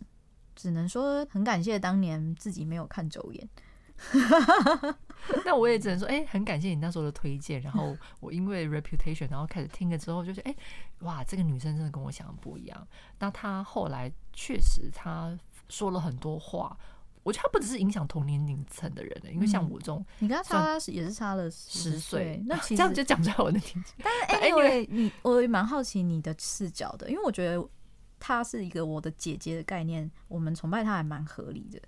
只能說很感謝當年自己沒有看走眼。哈哈哈，那 [LAUGHS] 我也只能說，哎、欸，很感謝你那時候的推薦。然後我因為 reputation，然後開始聽了之後，就是得，哎、欸，哇，這個女生真的跟我想的不一樣。那她後來確實她說了很多話，我覺得她不只是影響同年齡層的人了、欸，因為像我這種，你跟她差也是差了十歲，那這樣就講出來我的年紀。但是 LA, 來，哎，因為你，我也蠻好奇你的視角的，因為我覺得她是一個我的姐姐的概念，我們崇拜她還蠻合理的。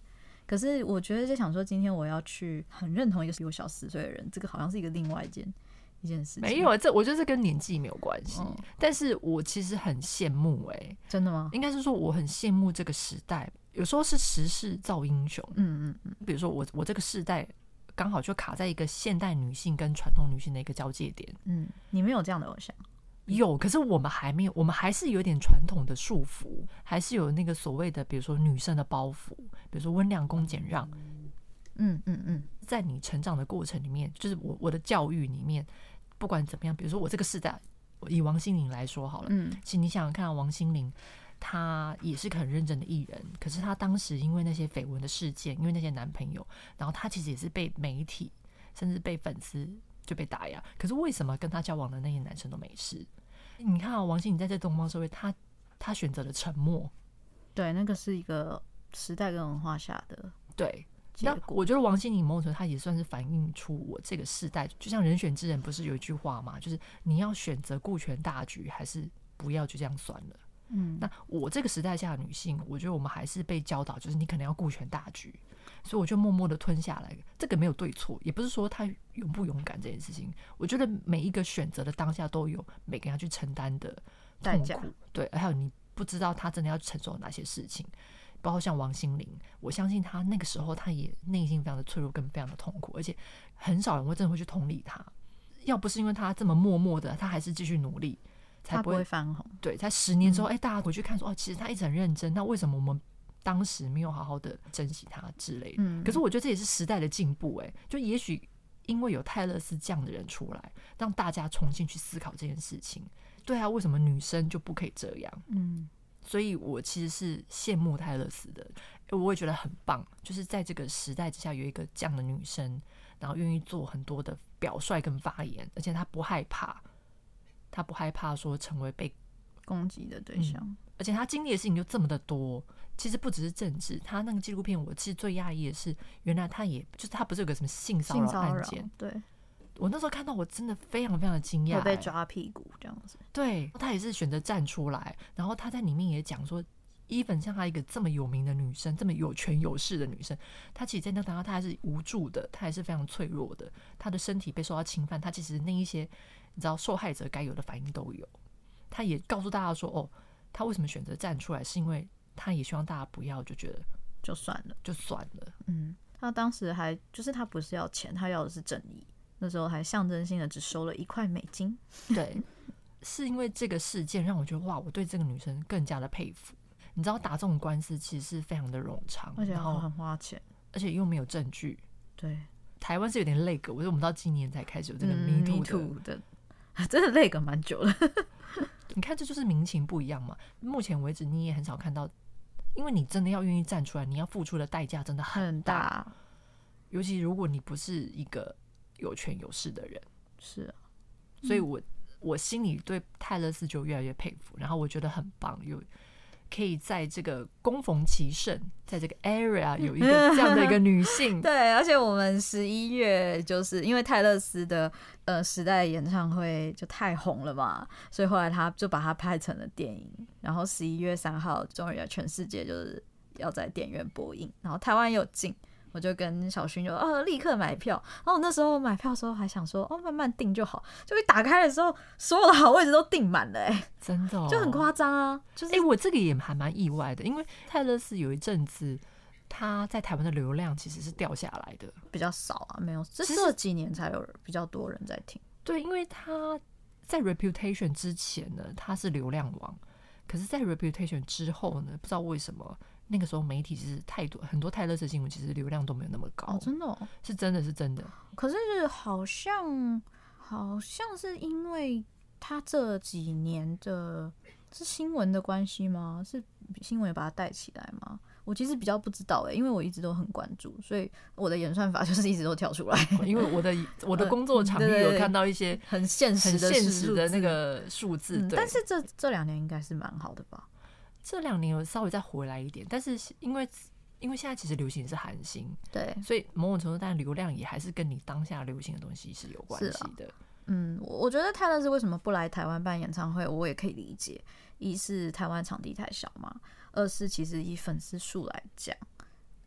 可是我覺得就想說，今天我要去很認同一個比我小十歲的人，這個好像是一個另外一件一件事情。沒有啊，這我覺得這跟年紀沒有關係。嗯、但是我其實很羨慕哎、欸，真的嗎？應該是說我很羨慕這個時代。有時候是時勢造英雄，嗯嗯嗯。嗯，比如說我我這個世代剛好就卡在一個現代女性跟傳統女性的一個交界點。嗯，你們有這樣的偶像？有，可是我們還沒有，我們還是有點傳統的束縛，還是有那個所謂的，比如說女生的包袱，比如說溫良恭儉讓，嗯嗯嗯，嗯嗯，在你成長的過程裡面，就是我我的教育裡面，不管怎麼樣，比如說我這個世代，以王心凌來說好了，嗯，其實你想想看，王心凌她也是很認真的藝人，可是她當時因為那些緋聞的事件，因為那些男朋友，然後她其實也是被媒體甚至被粉絲就被打壓，可是為什麼跟她交往的那些男生都沒事？你看啊、哦，王心凌在這東方社會，他他選擇了沉默，對，那個是一個時代跟文化下的。對，那我覺得王心凌某種程度，他也算是反映出我這個世代，就像人選之人不是有一句話嗎？就是你要選擇顧全大局，還是不要就這樣算了。嗯，那我這個時代下的女性，我覺得我們還是被教導，就是你可能要顧全大局，所以我就默默的吞下來。這個沒有對錯，也不是說她勇不勇敢這件事情。我覺得每一個選擇的當下都有每個人要去承擔的代價，對，還有你不知道她真的要承受哪些事情。包括像王心凌，我相信她那個時候她也內心非常的脆弱，跟非常的痛苦，而且很少人會真的會去同理她。要不是因為她這麼默默的，她還是繼續努力。才不會翻紅，對，才十年之後，哎，大家回去看說，哦，其實他一直很認真，那為什麼我們當時沒有好好的珍惜他之類的？可是我覺得這也是時代的進步，哎，就也許因為有泰勒絲這樣的人出來，讓大家重新去思考這件事情。對啊，為什麼女生就不可以這樣？嗯，所以我其實是羨慕泰勒絲的，我也覺得很棒，就是在這個時代之下有一個這樣的女生，然後願意做很多的表率跟發言，而且她不害怕。他不害怕說成為被攻擊的對象，嗯、而且他經歷的事情就這麼的多。其實不只是政治，他那個紀錄片，我其實最訝異的是，原來他也就是他不是有個什麼性騷擾案件？對。我那時候看到我真的非常非常的驚訝、欸，被抓屁股這樣子。對，他也是選擇站出來，然後他在裡面也講說，Even 像他一個這麼有名的女生，這麼有權有勢的女生，她其實在那當下她還是無助的，她還是非常脆弱的，她的身體被受到侵犯，她其實那一些。你知道受害者該有的反應都有，他也告訴大家說：“哦，他為什麼選擇站出來，是因為他也希望大家不要就覺得就算了，就算了。算了”嗯，他當時還就是他不是要錢，他要的是正義。那時候還象徵性的只收了一塊美金。對，是因為這個事件讓我覺得哇，我對這個女生更加的佩服。你知道打這種官司其實是非常的冗長，而且很花錢，而且又沒有證據。對，台灣是有點累格。我覺得我們到今年才開始有這個 MeToo 的。嗯 [LAUGHS] 真的累個蠻久了， [LAUGHS] 你看這就是民情不一樣嘛。目前為止，你也很少看到，因為你真的要願意站出來，你要付出的代價真的很大。尤其如果你不是一個有權有勢的人，是啊。所以我我心裡對泰勒絲就越來越佩服，然後我覺得很棒，可以在這個躬逢其盛，在這個 area 有一個這樣的一個女性， [LAUGHS] 對，而且我們十一月就是因為泰勒絲的呃時代演唱會就太紅了嘛，所以後來他就把它拍成了電影，然後十一月三號終於要全世界就是要在電影院播映，然後台灣有進。我就跟小薰就呃、哦、立刻買票。然後那時候買票的時候還想說，哦，慢慢訂就好。就一打開的時候，所有的好位置都訂滿了，真的、哦，就很誇張啊。就是，誒、欸，我這個也還蠻意外的，因為泰勒絲有一陣子他在台灣的流量其實是掉下來的，嗯、比較少啊，沒有，這這幾年才有比較多人在聽。對，因為他在 Reputation 之前呢，他是流量王，可是，在 Reputation 之後呢，不知道為什麼。那個時候媒體其實太多，很多泰勒絲的新聞其實流量都沒有那麼高，哦、真的哦、是真的是真的，是真的。可是好像好像是因為他這幾年的是新聞的關係嗎？是新聞把他帶起來嗎？我其實比較不知道誒、欸，因為我一直都很關注，所以我的演算法就是一直都跳出來，因為我的 [LAUGHS] 我的工作場域有看到一些很現實、的、現實的那個數字。嗯、對但是這這兩年應該是蠻好的吧。這兩年有稍微再回來一點，但是因為因為現在其實流行是韓星，對，所以某種程度但流量也還是跟你當下流行的東西是有關係的。啊、嗯，我覺得泰勒絲為什麼不來台灣辦演唱會，我也可以理解。一是台灣場地太小嘛，二是其實以粉絲數來講，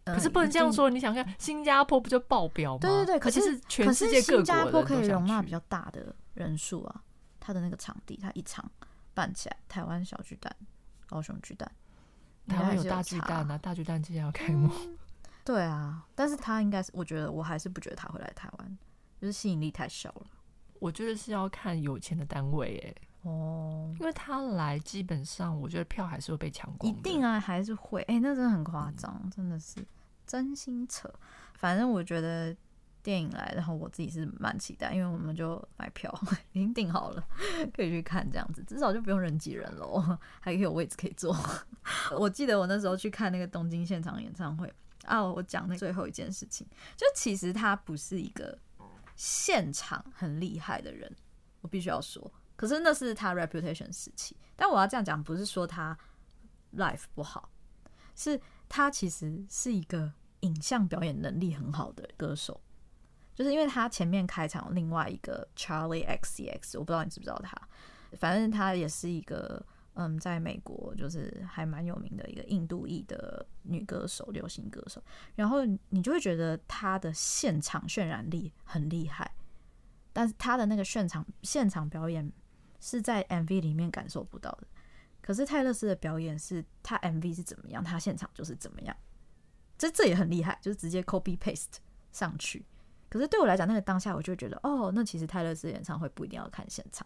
呃、可是不能這樣說。一定，你想看新加坡不就爆表嗎？對對對，可是可是新加坡可以容納比較大的人數啊，他的那個場地，他一場辦起來，台灣小巨蛋。高雄巨蛋，台灣有大，大巨蛋呢，大巨蛋接下來要開幕、嗯，對啊，但是他應該是，我覺得我還是不覺得他會來台灣，就是吸引力太小了。我覺得是要看有錢的單位、欸，誒，哦，因為他來基本上，我覺得票還是會被搶光，一定啊，還是會，哎、欸，那真的很誇張，嗯、真的是真心扯，反正我覺得。電影來，然後我自己是蠻期待，因為我們就買票已經訂好了，可以去看這樣子，至少就不用人擠人了，還可以有位置可以坐。 [LAUGHS] 我記得我那時候去看那個東京現場演唱會啊，我講那最後一件事情，就其實他不是一個現場很厲害的人，我必須要說。可是那是他 reputation 時期，但我要這樣講不是說他 life 不好，是他其實是一個影像表演能力很好的歌手。就是因為他前面開場有另外一個 Charli XCX，我不知道你知不知道他，反正他也是一個嗯，在美國就是還蠻有名的一個印度裔的女歌手，流行歌手。然後你就會覺得他的現場渲染力很厲害，但是他的那個現場現場表演是在 MV 裡面感受不到的。可是泰勒絲的表演是，他 MV 是怎麼樣，他現場就是怎麼樣，這這也很厲害，就是直接 copy paste 上去。可是對我來講，那個當下我就覺得，哦，那其實泰勒絲演唱會不一定要看現場，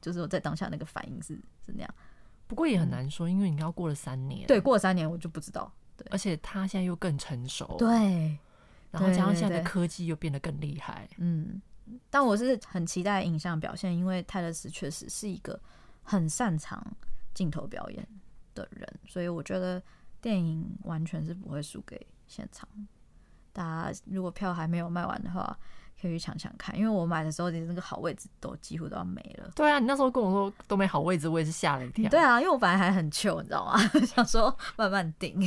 就是我在當下那個反應是是那樣。不過也很難說，嗯，因為你要過了三年，對，過了三年我就不知道。對，而且他現在又更成熟，對，然後加上現在的科技又變得更厲害。對對對，嗯。但我是很期待影像表現，因為泰勒絲確實是一個很擅長鏡頭表演的人，所以我覺得電影完全是不會輸給現場。大家如果票還沒有賣完的話，可以去搶搶看。因為我買的時候連那個好位置都幾乎都要沒了。對啊，你那時候跟我說都沒好位置，我也是嚇了一跳。對啊，因為我本來還很糗，你知道嗎？ [LAUGHS] 想說慢慢定，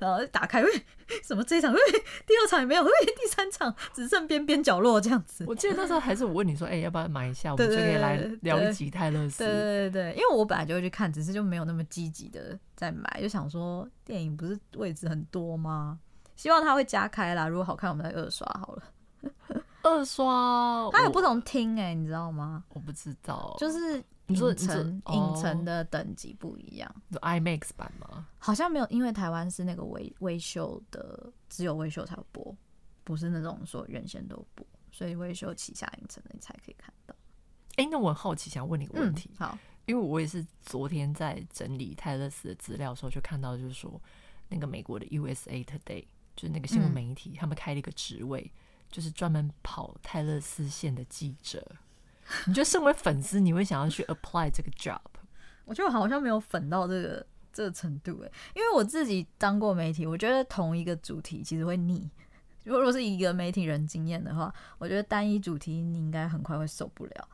然後打開為、哎、什麼？這一場會、哎、第二場也沒有，會、哎、第三場只剩邊邊角落這樣子。我記得那時候還是我問你說，哎、欸，要不要買一下？ [LAUGHS] 我們就可以來聊一集泰勒絲。對對對，因為我本來就會去看，只是就沒有那麼積極的在買，就想說電影不是位置很多嗎？希望它會加開啦，如果好看，我們再二刷好了。 [LAUGHS] 二刷，它有不同廳哎、欸，我 你知道嗎？我不知道，就是影城影城的等級不一樣，IMAX 版嗎？好像沒有，因為台灣是那個微微秀的，只有微秀才播，不是那種說原先都播，所以微秀旗下影城你才可以看到。哎，那我很好奇，想問你個問題，嗯、好，因為我也是昨天在整理泰勒絲的資料的時候，就看到就是說，那個美國的 USA Today。就是那個新聞媒體，他們開了一個職位，嗯、就是專門跑泰勒絲線的記者。你覺得身為粉絲，你會想要去 apply 這個 job？我覺得我好像沒有粉到這個這個、程度哎、欸，因為我自己當過媒體，我覺得同一個主題其實會膩。如果是一個媒體人經驗的話，我覺得單一主題你應該很快會受不了。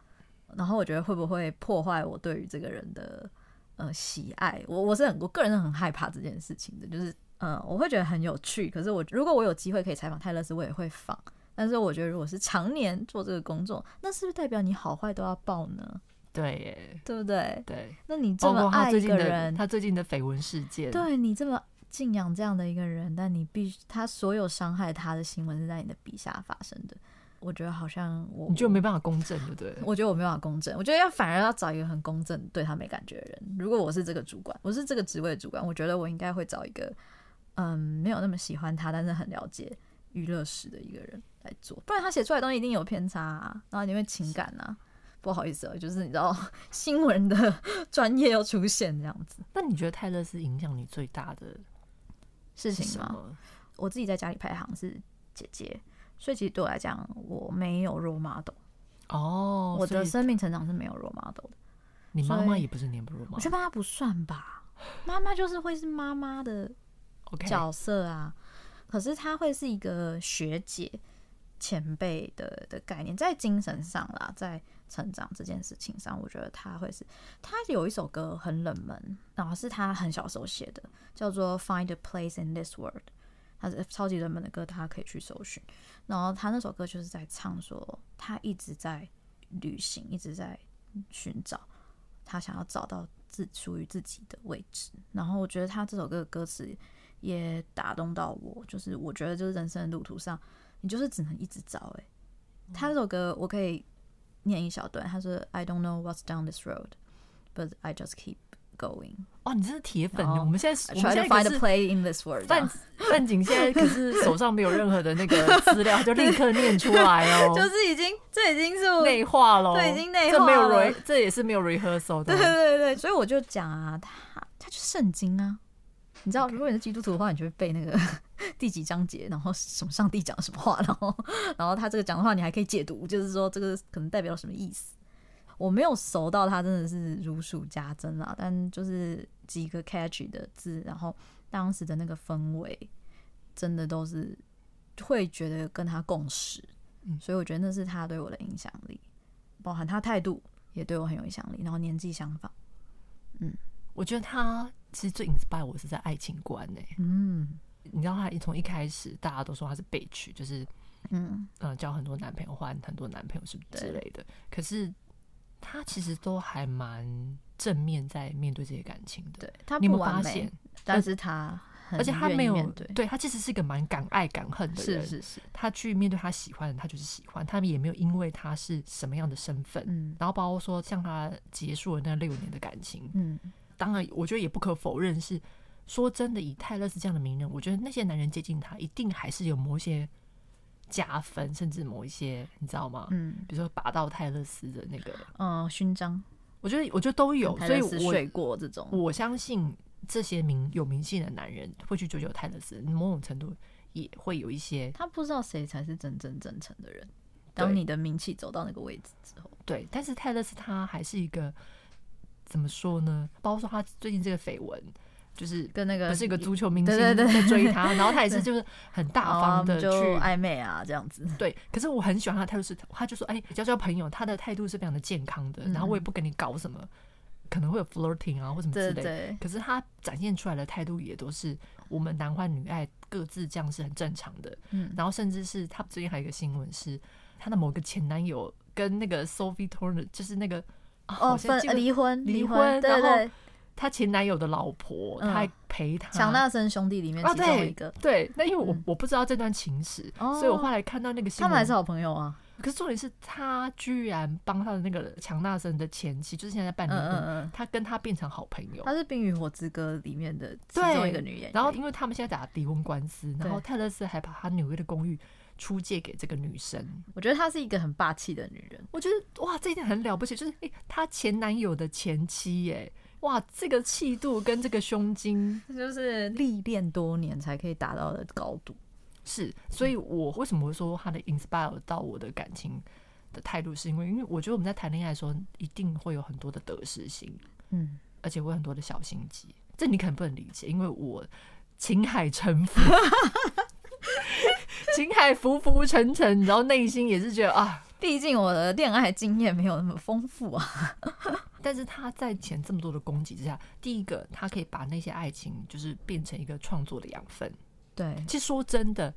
然後我覺得會不會破壞我對於這個人的呃喜愛？我我是很我個人是很害怕這件事情的，就是。嗯，我會覺得很有趣。可是我如果我有機會可以採訪泰勒絲，我也會訪。但是我覺得，如果是常年做這個工作，那是不是代表你好壞都要報呢？對耶，對不對？對。那你這麼愛一個人，哦哦他，他最近的緋聞事件，對你這麼敬仰這樣的一個人，但你必須他所有傷害他的新聞是在你的筆下發生的。我覺得好像我你就沒辦法公正，對不對？我覺得我沒辦法公正。我覺得要反而要找一個很公正、對他沒感覺的人。如果我是這個主管，我是這個職位主管，我覺得我應該會找一個。嗯，沒有那麼喜歡他，但是很了解娛樂史的一個人來做，不然他寫出來的東西一定有偏差、啊。然後你會情感啊，不好意思、啊，就是你知道新聞的專 [LAUGHS] 業要出現這樣子。那你覺得泰勒絲影響你最大的事情嗎？我自己在家裡排行是姐姐，所以其實對我來講，我沒有 role model 哦、oh,，我的生命成長是沒有 role model 的你媽媽也不是年不 role，我覺得媽媽不算吧，媽媽 [LAUGHS] 就是會是媽媽的。Okay. 角色啊，可是他會是一個學姐前輩的的概念，在精神上啦，在成長這件事情上，我覺得他會是。他有一首歌很冷門，然後是他很小時候寫的，叫做《Find a Place in This World》，他是超級冷門的歌，大家可以去搜尋。然後他那首歌就是在唱說，他一直在旅行，一直在尋找他想要找到自屬於自己的位置。然後我覺得他這首歌的歌詞。也打動到我，就是我覺得就是人生的路途上，你就是只能一直找哎、欸。他這首歌我可以念一小段，他說：“I don't know what's down this road, but I just keep going。”哦，你真是鐵粉哦！我們現在我們現在是。find a place in this world。FainJin 現在可是手上沒有任何的那個資料， [LAUGHS] 就立刻念出來哦。 [LAUGHS] 就是已經這已經是內化嘍，這已經內化，這沒有 re， [LAUGHS] 這也是沒有 rehearsal 的。對對對，所以我就講啊，他他就聖經啊。你知道，如果你是基督徒的話，你就會背那個第幾章節，然後什麼上帝講什麼話，然後然後他這個講的話，你還可以解讀，就是說這個可能代表什麼意思。我沒有熟到他真的是如數家珍啦，但就是幾個 catch 的字，然後當時的那個氛圍，真的都是會覺得跟他共識，所以我覺得那是他對我的影響力，包含他態度也對我很有影響力，然後年紀相仿，嗯，我覺得他。其實最 inspire 我是在愛情觀呢。嗯，你知道他從一開始大家都說他是 bitch，就是嗯嗯，交很多男朋友，換很多男朋友什麼之類的。可是他其實都還蠻正面在面對這些感情的。對他不完美，但是他很而且他沒有對他其實是一個蠻敢愛敢恨的人。是是是，他去面對他喜歡的，他就是喜歡，他們也沒有因為他是什麼樣的身份，嗯，然後包括說像他結束了那六年的感情，嗯。當然，我覺得也不可否認是，說真的，以泰勒絲這樣的名人，我覺得那些男人接近他，一定還是有某些加分，甚至某一些，你知道嗎？嗯，比如說拔到泰勒絲的那個，嗯，勳章。我覺得，我覺得都有，所以我，過這種，我相信這些名有名氣的男人會去追求泰勒絲，某種程度也會有一些。他不知道誰才是真正真誠的人。當你的名氣走到那個位置之後，對，對。但是泰勒絲他還是一個。怎麼說呢？包括說他最近這個緋聞，就是跟那個是一個足球明星在追他，然後他也是就是很大方的去曖昧啊，這樣子。對，可是我很喜歡他的態度，是他就說：“哎，交交朋友。”他的態度是非常的健康的，然後我也不跟你搞什麼，可能會有 flirting 啊或什麼之類的。可是他展現出來的態度也都是我們男歡女愛各自這樣是很正常的。嗯，然後甚至是他最近還有一個新聞是，他的某個前男友跟那個 Sophie Turner，就是那個。哦，分，離婚，離婚，然後他前男友的老婆，她陪他。強納森兄弟裡面其中一個，對，那因為我我不知道這段情史，所以我後來看到那個新聞，他們還是好朋友啊。可是重點是他居然幫他的那個強納森的前妻，就是現在辦理離婚，他跟她變成好朋友。她是《冰與火之歌》裡面的其中一個女演員，然後因為他們現在打離婚官司，然後泰勒絲還把她紐約的公寓，出借給這個女生，嗯、我覺得她是一個很霸氣的女人。我覺得哇，這一點很了不起，就是誒，她、欸、前男友的前妻、欸，哎，哇，這個氣度跟這個胸襟，嗯、就是歷練多年才可以達到的高度。是，所以我為什麼會說她的 inspire 到我的感情的態度，是因為因為我覺得我們在談戀愛的時候一定會有很多的得失心，嗯，而且會很多的小心機。這你可能不能理解，因為我情海沉浮。情海浮浮沉沉，然後內心也是覺得啊， [LAUGHS] 畢竟我的戀愛經驗沒有那麼豐富啊。但是他在前這麼多的攻擊之下，第一個他可以把那些愛情就是變成一個創作的養分。對，其實說真的，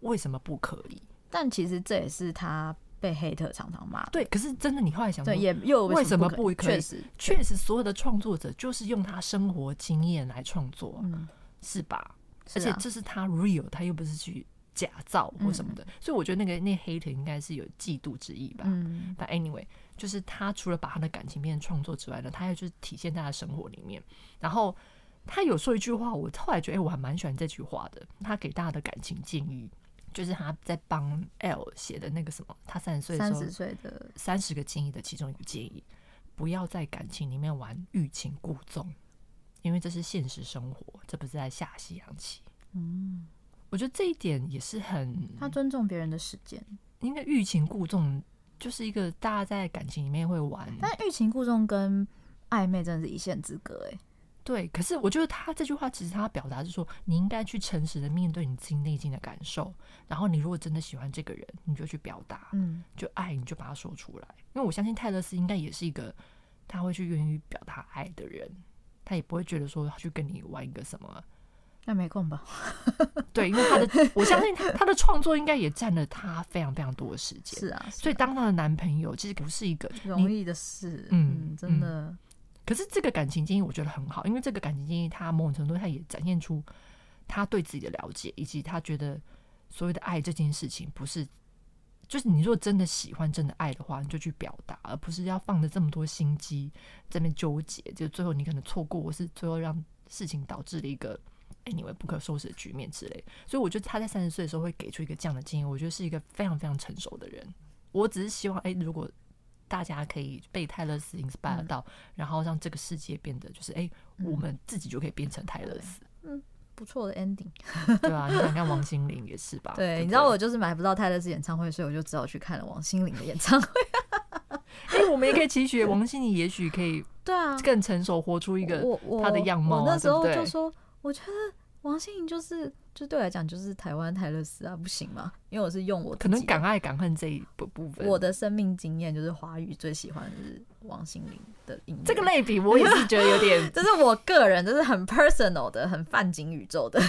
為什麼不可以？但其實這也是他被黑特常常罵。對，可是真的，你後來想想，也又為什麼不？確實，確實，所有的創作者就是用他生活經驗來創作，是吧？而且這是他 real，他又不是去。假造或什麼的，嗯、所以我覺得那個那 hater 應該是有嫉妒之意吧。但、嗯、anyway，就是他除了把他的感情變成創作之外呢，他要就是體現在他生活裡面。然後他有說一句話，我後來覺得、欸、我還蠻喜歡這句話的。他給大家的感情建議，就是他在幫 L 寫的那個什麼，他三十歲三十歲的三十個建議的其中一個建議，不要在感情裡面玩欲擒故縱，因為這是現實生活，這不是在下西洋棋。嗯。我覺得這一點也是很，他尊重別人的時間。因為欲擒故縱，就是一個大家在感情裡面會玩。但欲擒故縱跟曖昧真的是一線之隔，哎。對，可是我覺得他這句話其實他表達的是說，你應該去誠實的面對你自己內心的感受。然後你如果真的喜歡這個人，你就去表達，嗯，就愛你就把它說出來。因為我相信泰勒絲應該也是一個他會去願意表達愛的人，他也不會覺得說去跟你玩一個什麼。那沒空吧？ [LAUGHS] 對，因為他的，我相信他， [LAUGHS] 他的創作應該也佔了他非常非常多的時間。是啊，是啊，所以當他的男朋友其實不是一個容易的事。你嗯，嗯，真的、嗯。可是這個感情經歷我覺得很好，因為這個感情經歷，他某種程度他也展現出他對自己的了解，以及他覺得所謂的愛這件事情，不是就是你如果真的喜歡，真的愛的話，你就去表達，而不是要放着這麼多心機在那邊糾結，就最後你可能錯過，是最後讓事情導致的一個。你為、anyway, 不可收拾的局面之類，所以我覺得他在三十歲的時候會給出一個這樣的經驗，我覺得是一個非常非常成熟的人。我只是希望，哎、欸，如果大家可以被泰勒絲 inspired 到，嗯、然後讓這個世界變得就是，哎、欸，嗯、我們自己就可以變成泰勒絲。嗯，不錯的 ending。對啊，你想看王心凌也是吧？ [LAUGHS] 對，你知道我就是買不到泰勒絲演唱會，所以我就只好去看了王心凌的演唱會。哎、 [LAUGHS] 欸，我們也可以期許王心凌，也許可以對啊，更成熟，活出一個他的樣貌、啊。對對我那時候就說。我覺得王心凌就是，就對我來講就是台灣泰勒絲啊，不行嘛？因為我是用我可能敢愛敢恨這一部分，我的生命經驗就是華語最喜歡的是王心凌的音樂。這個類比我也是覺得有點，就 [LAUGHS] 是我個人就是很 personal 的，很泛景宇宙的。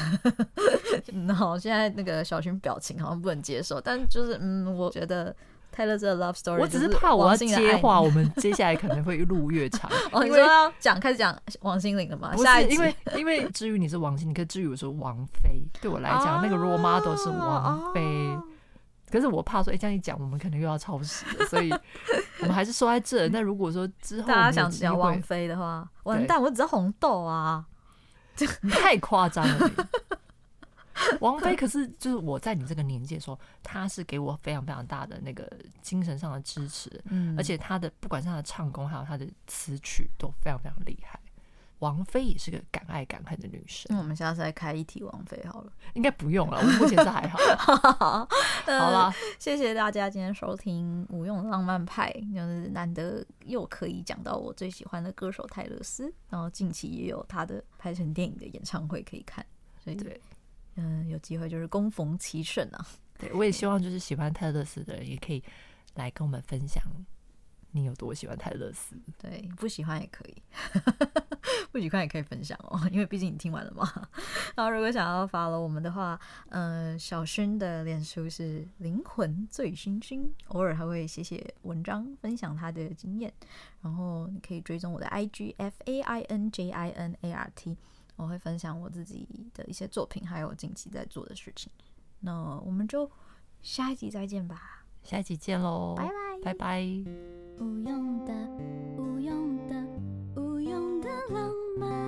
好、 [LAUGHS] no,，現在那個小薰表情好像不能接受，但就是嗯，我覺得。泰勒的 love story，我只是怕我要接話，我們接下來可能會越錄越長。我們就要講，開始講王心凌了嗎？不是，因為因為至於你是王心，你可以至於我說王菲，對我來講，啊、那個 role model 是王菲。啊、可是我怕說，哎、欸，這樣一講，我們可能又要超時了。所以我們還是說在這。那 [LAUGHS] 如果說之後我們大家想知道王菲的話，完蛋，我只知道紅豆啊，這， [LAUGHS] 你太誇張了。 [LAUGHS] 王菲可是就是我在你這個年紀的時候，她是給我非常非常大的那個精神上的支持，嗯，而且她的不管是她的唱功還有她的詞曲都非常非常厲害。王菲也是個敢愛敢恨的女神。那我們下次再開一題王菲好了，應該不用了，我目前是還好。好了，謝謝大家今天收聽無用浪漫派，就是難得又可以講到我最喜歡的歌手泰勒絲，然後近期也有他的拍成電影的演唱會可以看，所以對。對嗯、呃，有機會就是恭逢其盛啊！對，我也希望就是喜歡泰勒絲的人也可以來跟我們分享你有多喜歡泰勒絲。對，不喜歡也可以， [LAUGHS] 不喜歡也可以分享哦，因為畢竟你聽完了嘛。然後如果想要 follow 我們的話，嗯、呃，小薰的臉書是靈魂醉醺薰，偶爾還會寫寫文章分享他的經驗。然後你可以追蹤我的 IG F A I N J I N A R T。我會分享我自己的一些作品，還有近期在做的事情。那我們就下一集再見吧，下一集見嘍，拜拜，拜拜。無用的，無用的，無用的浪漫。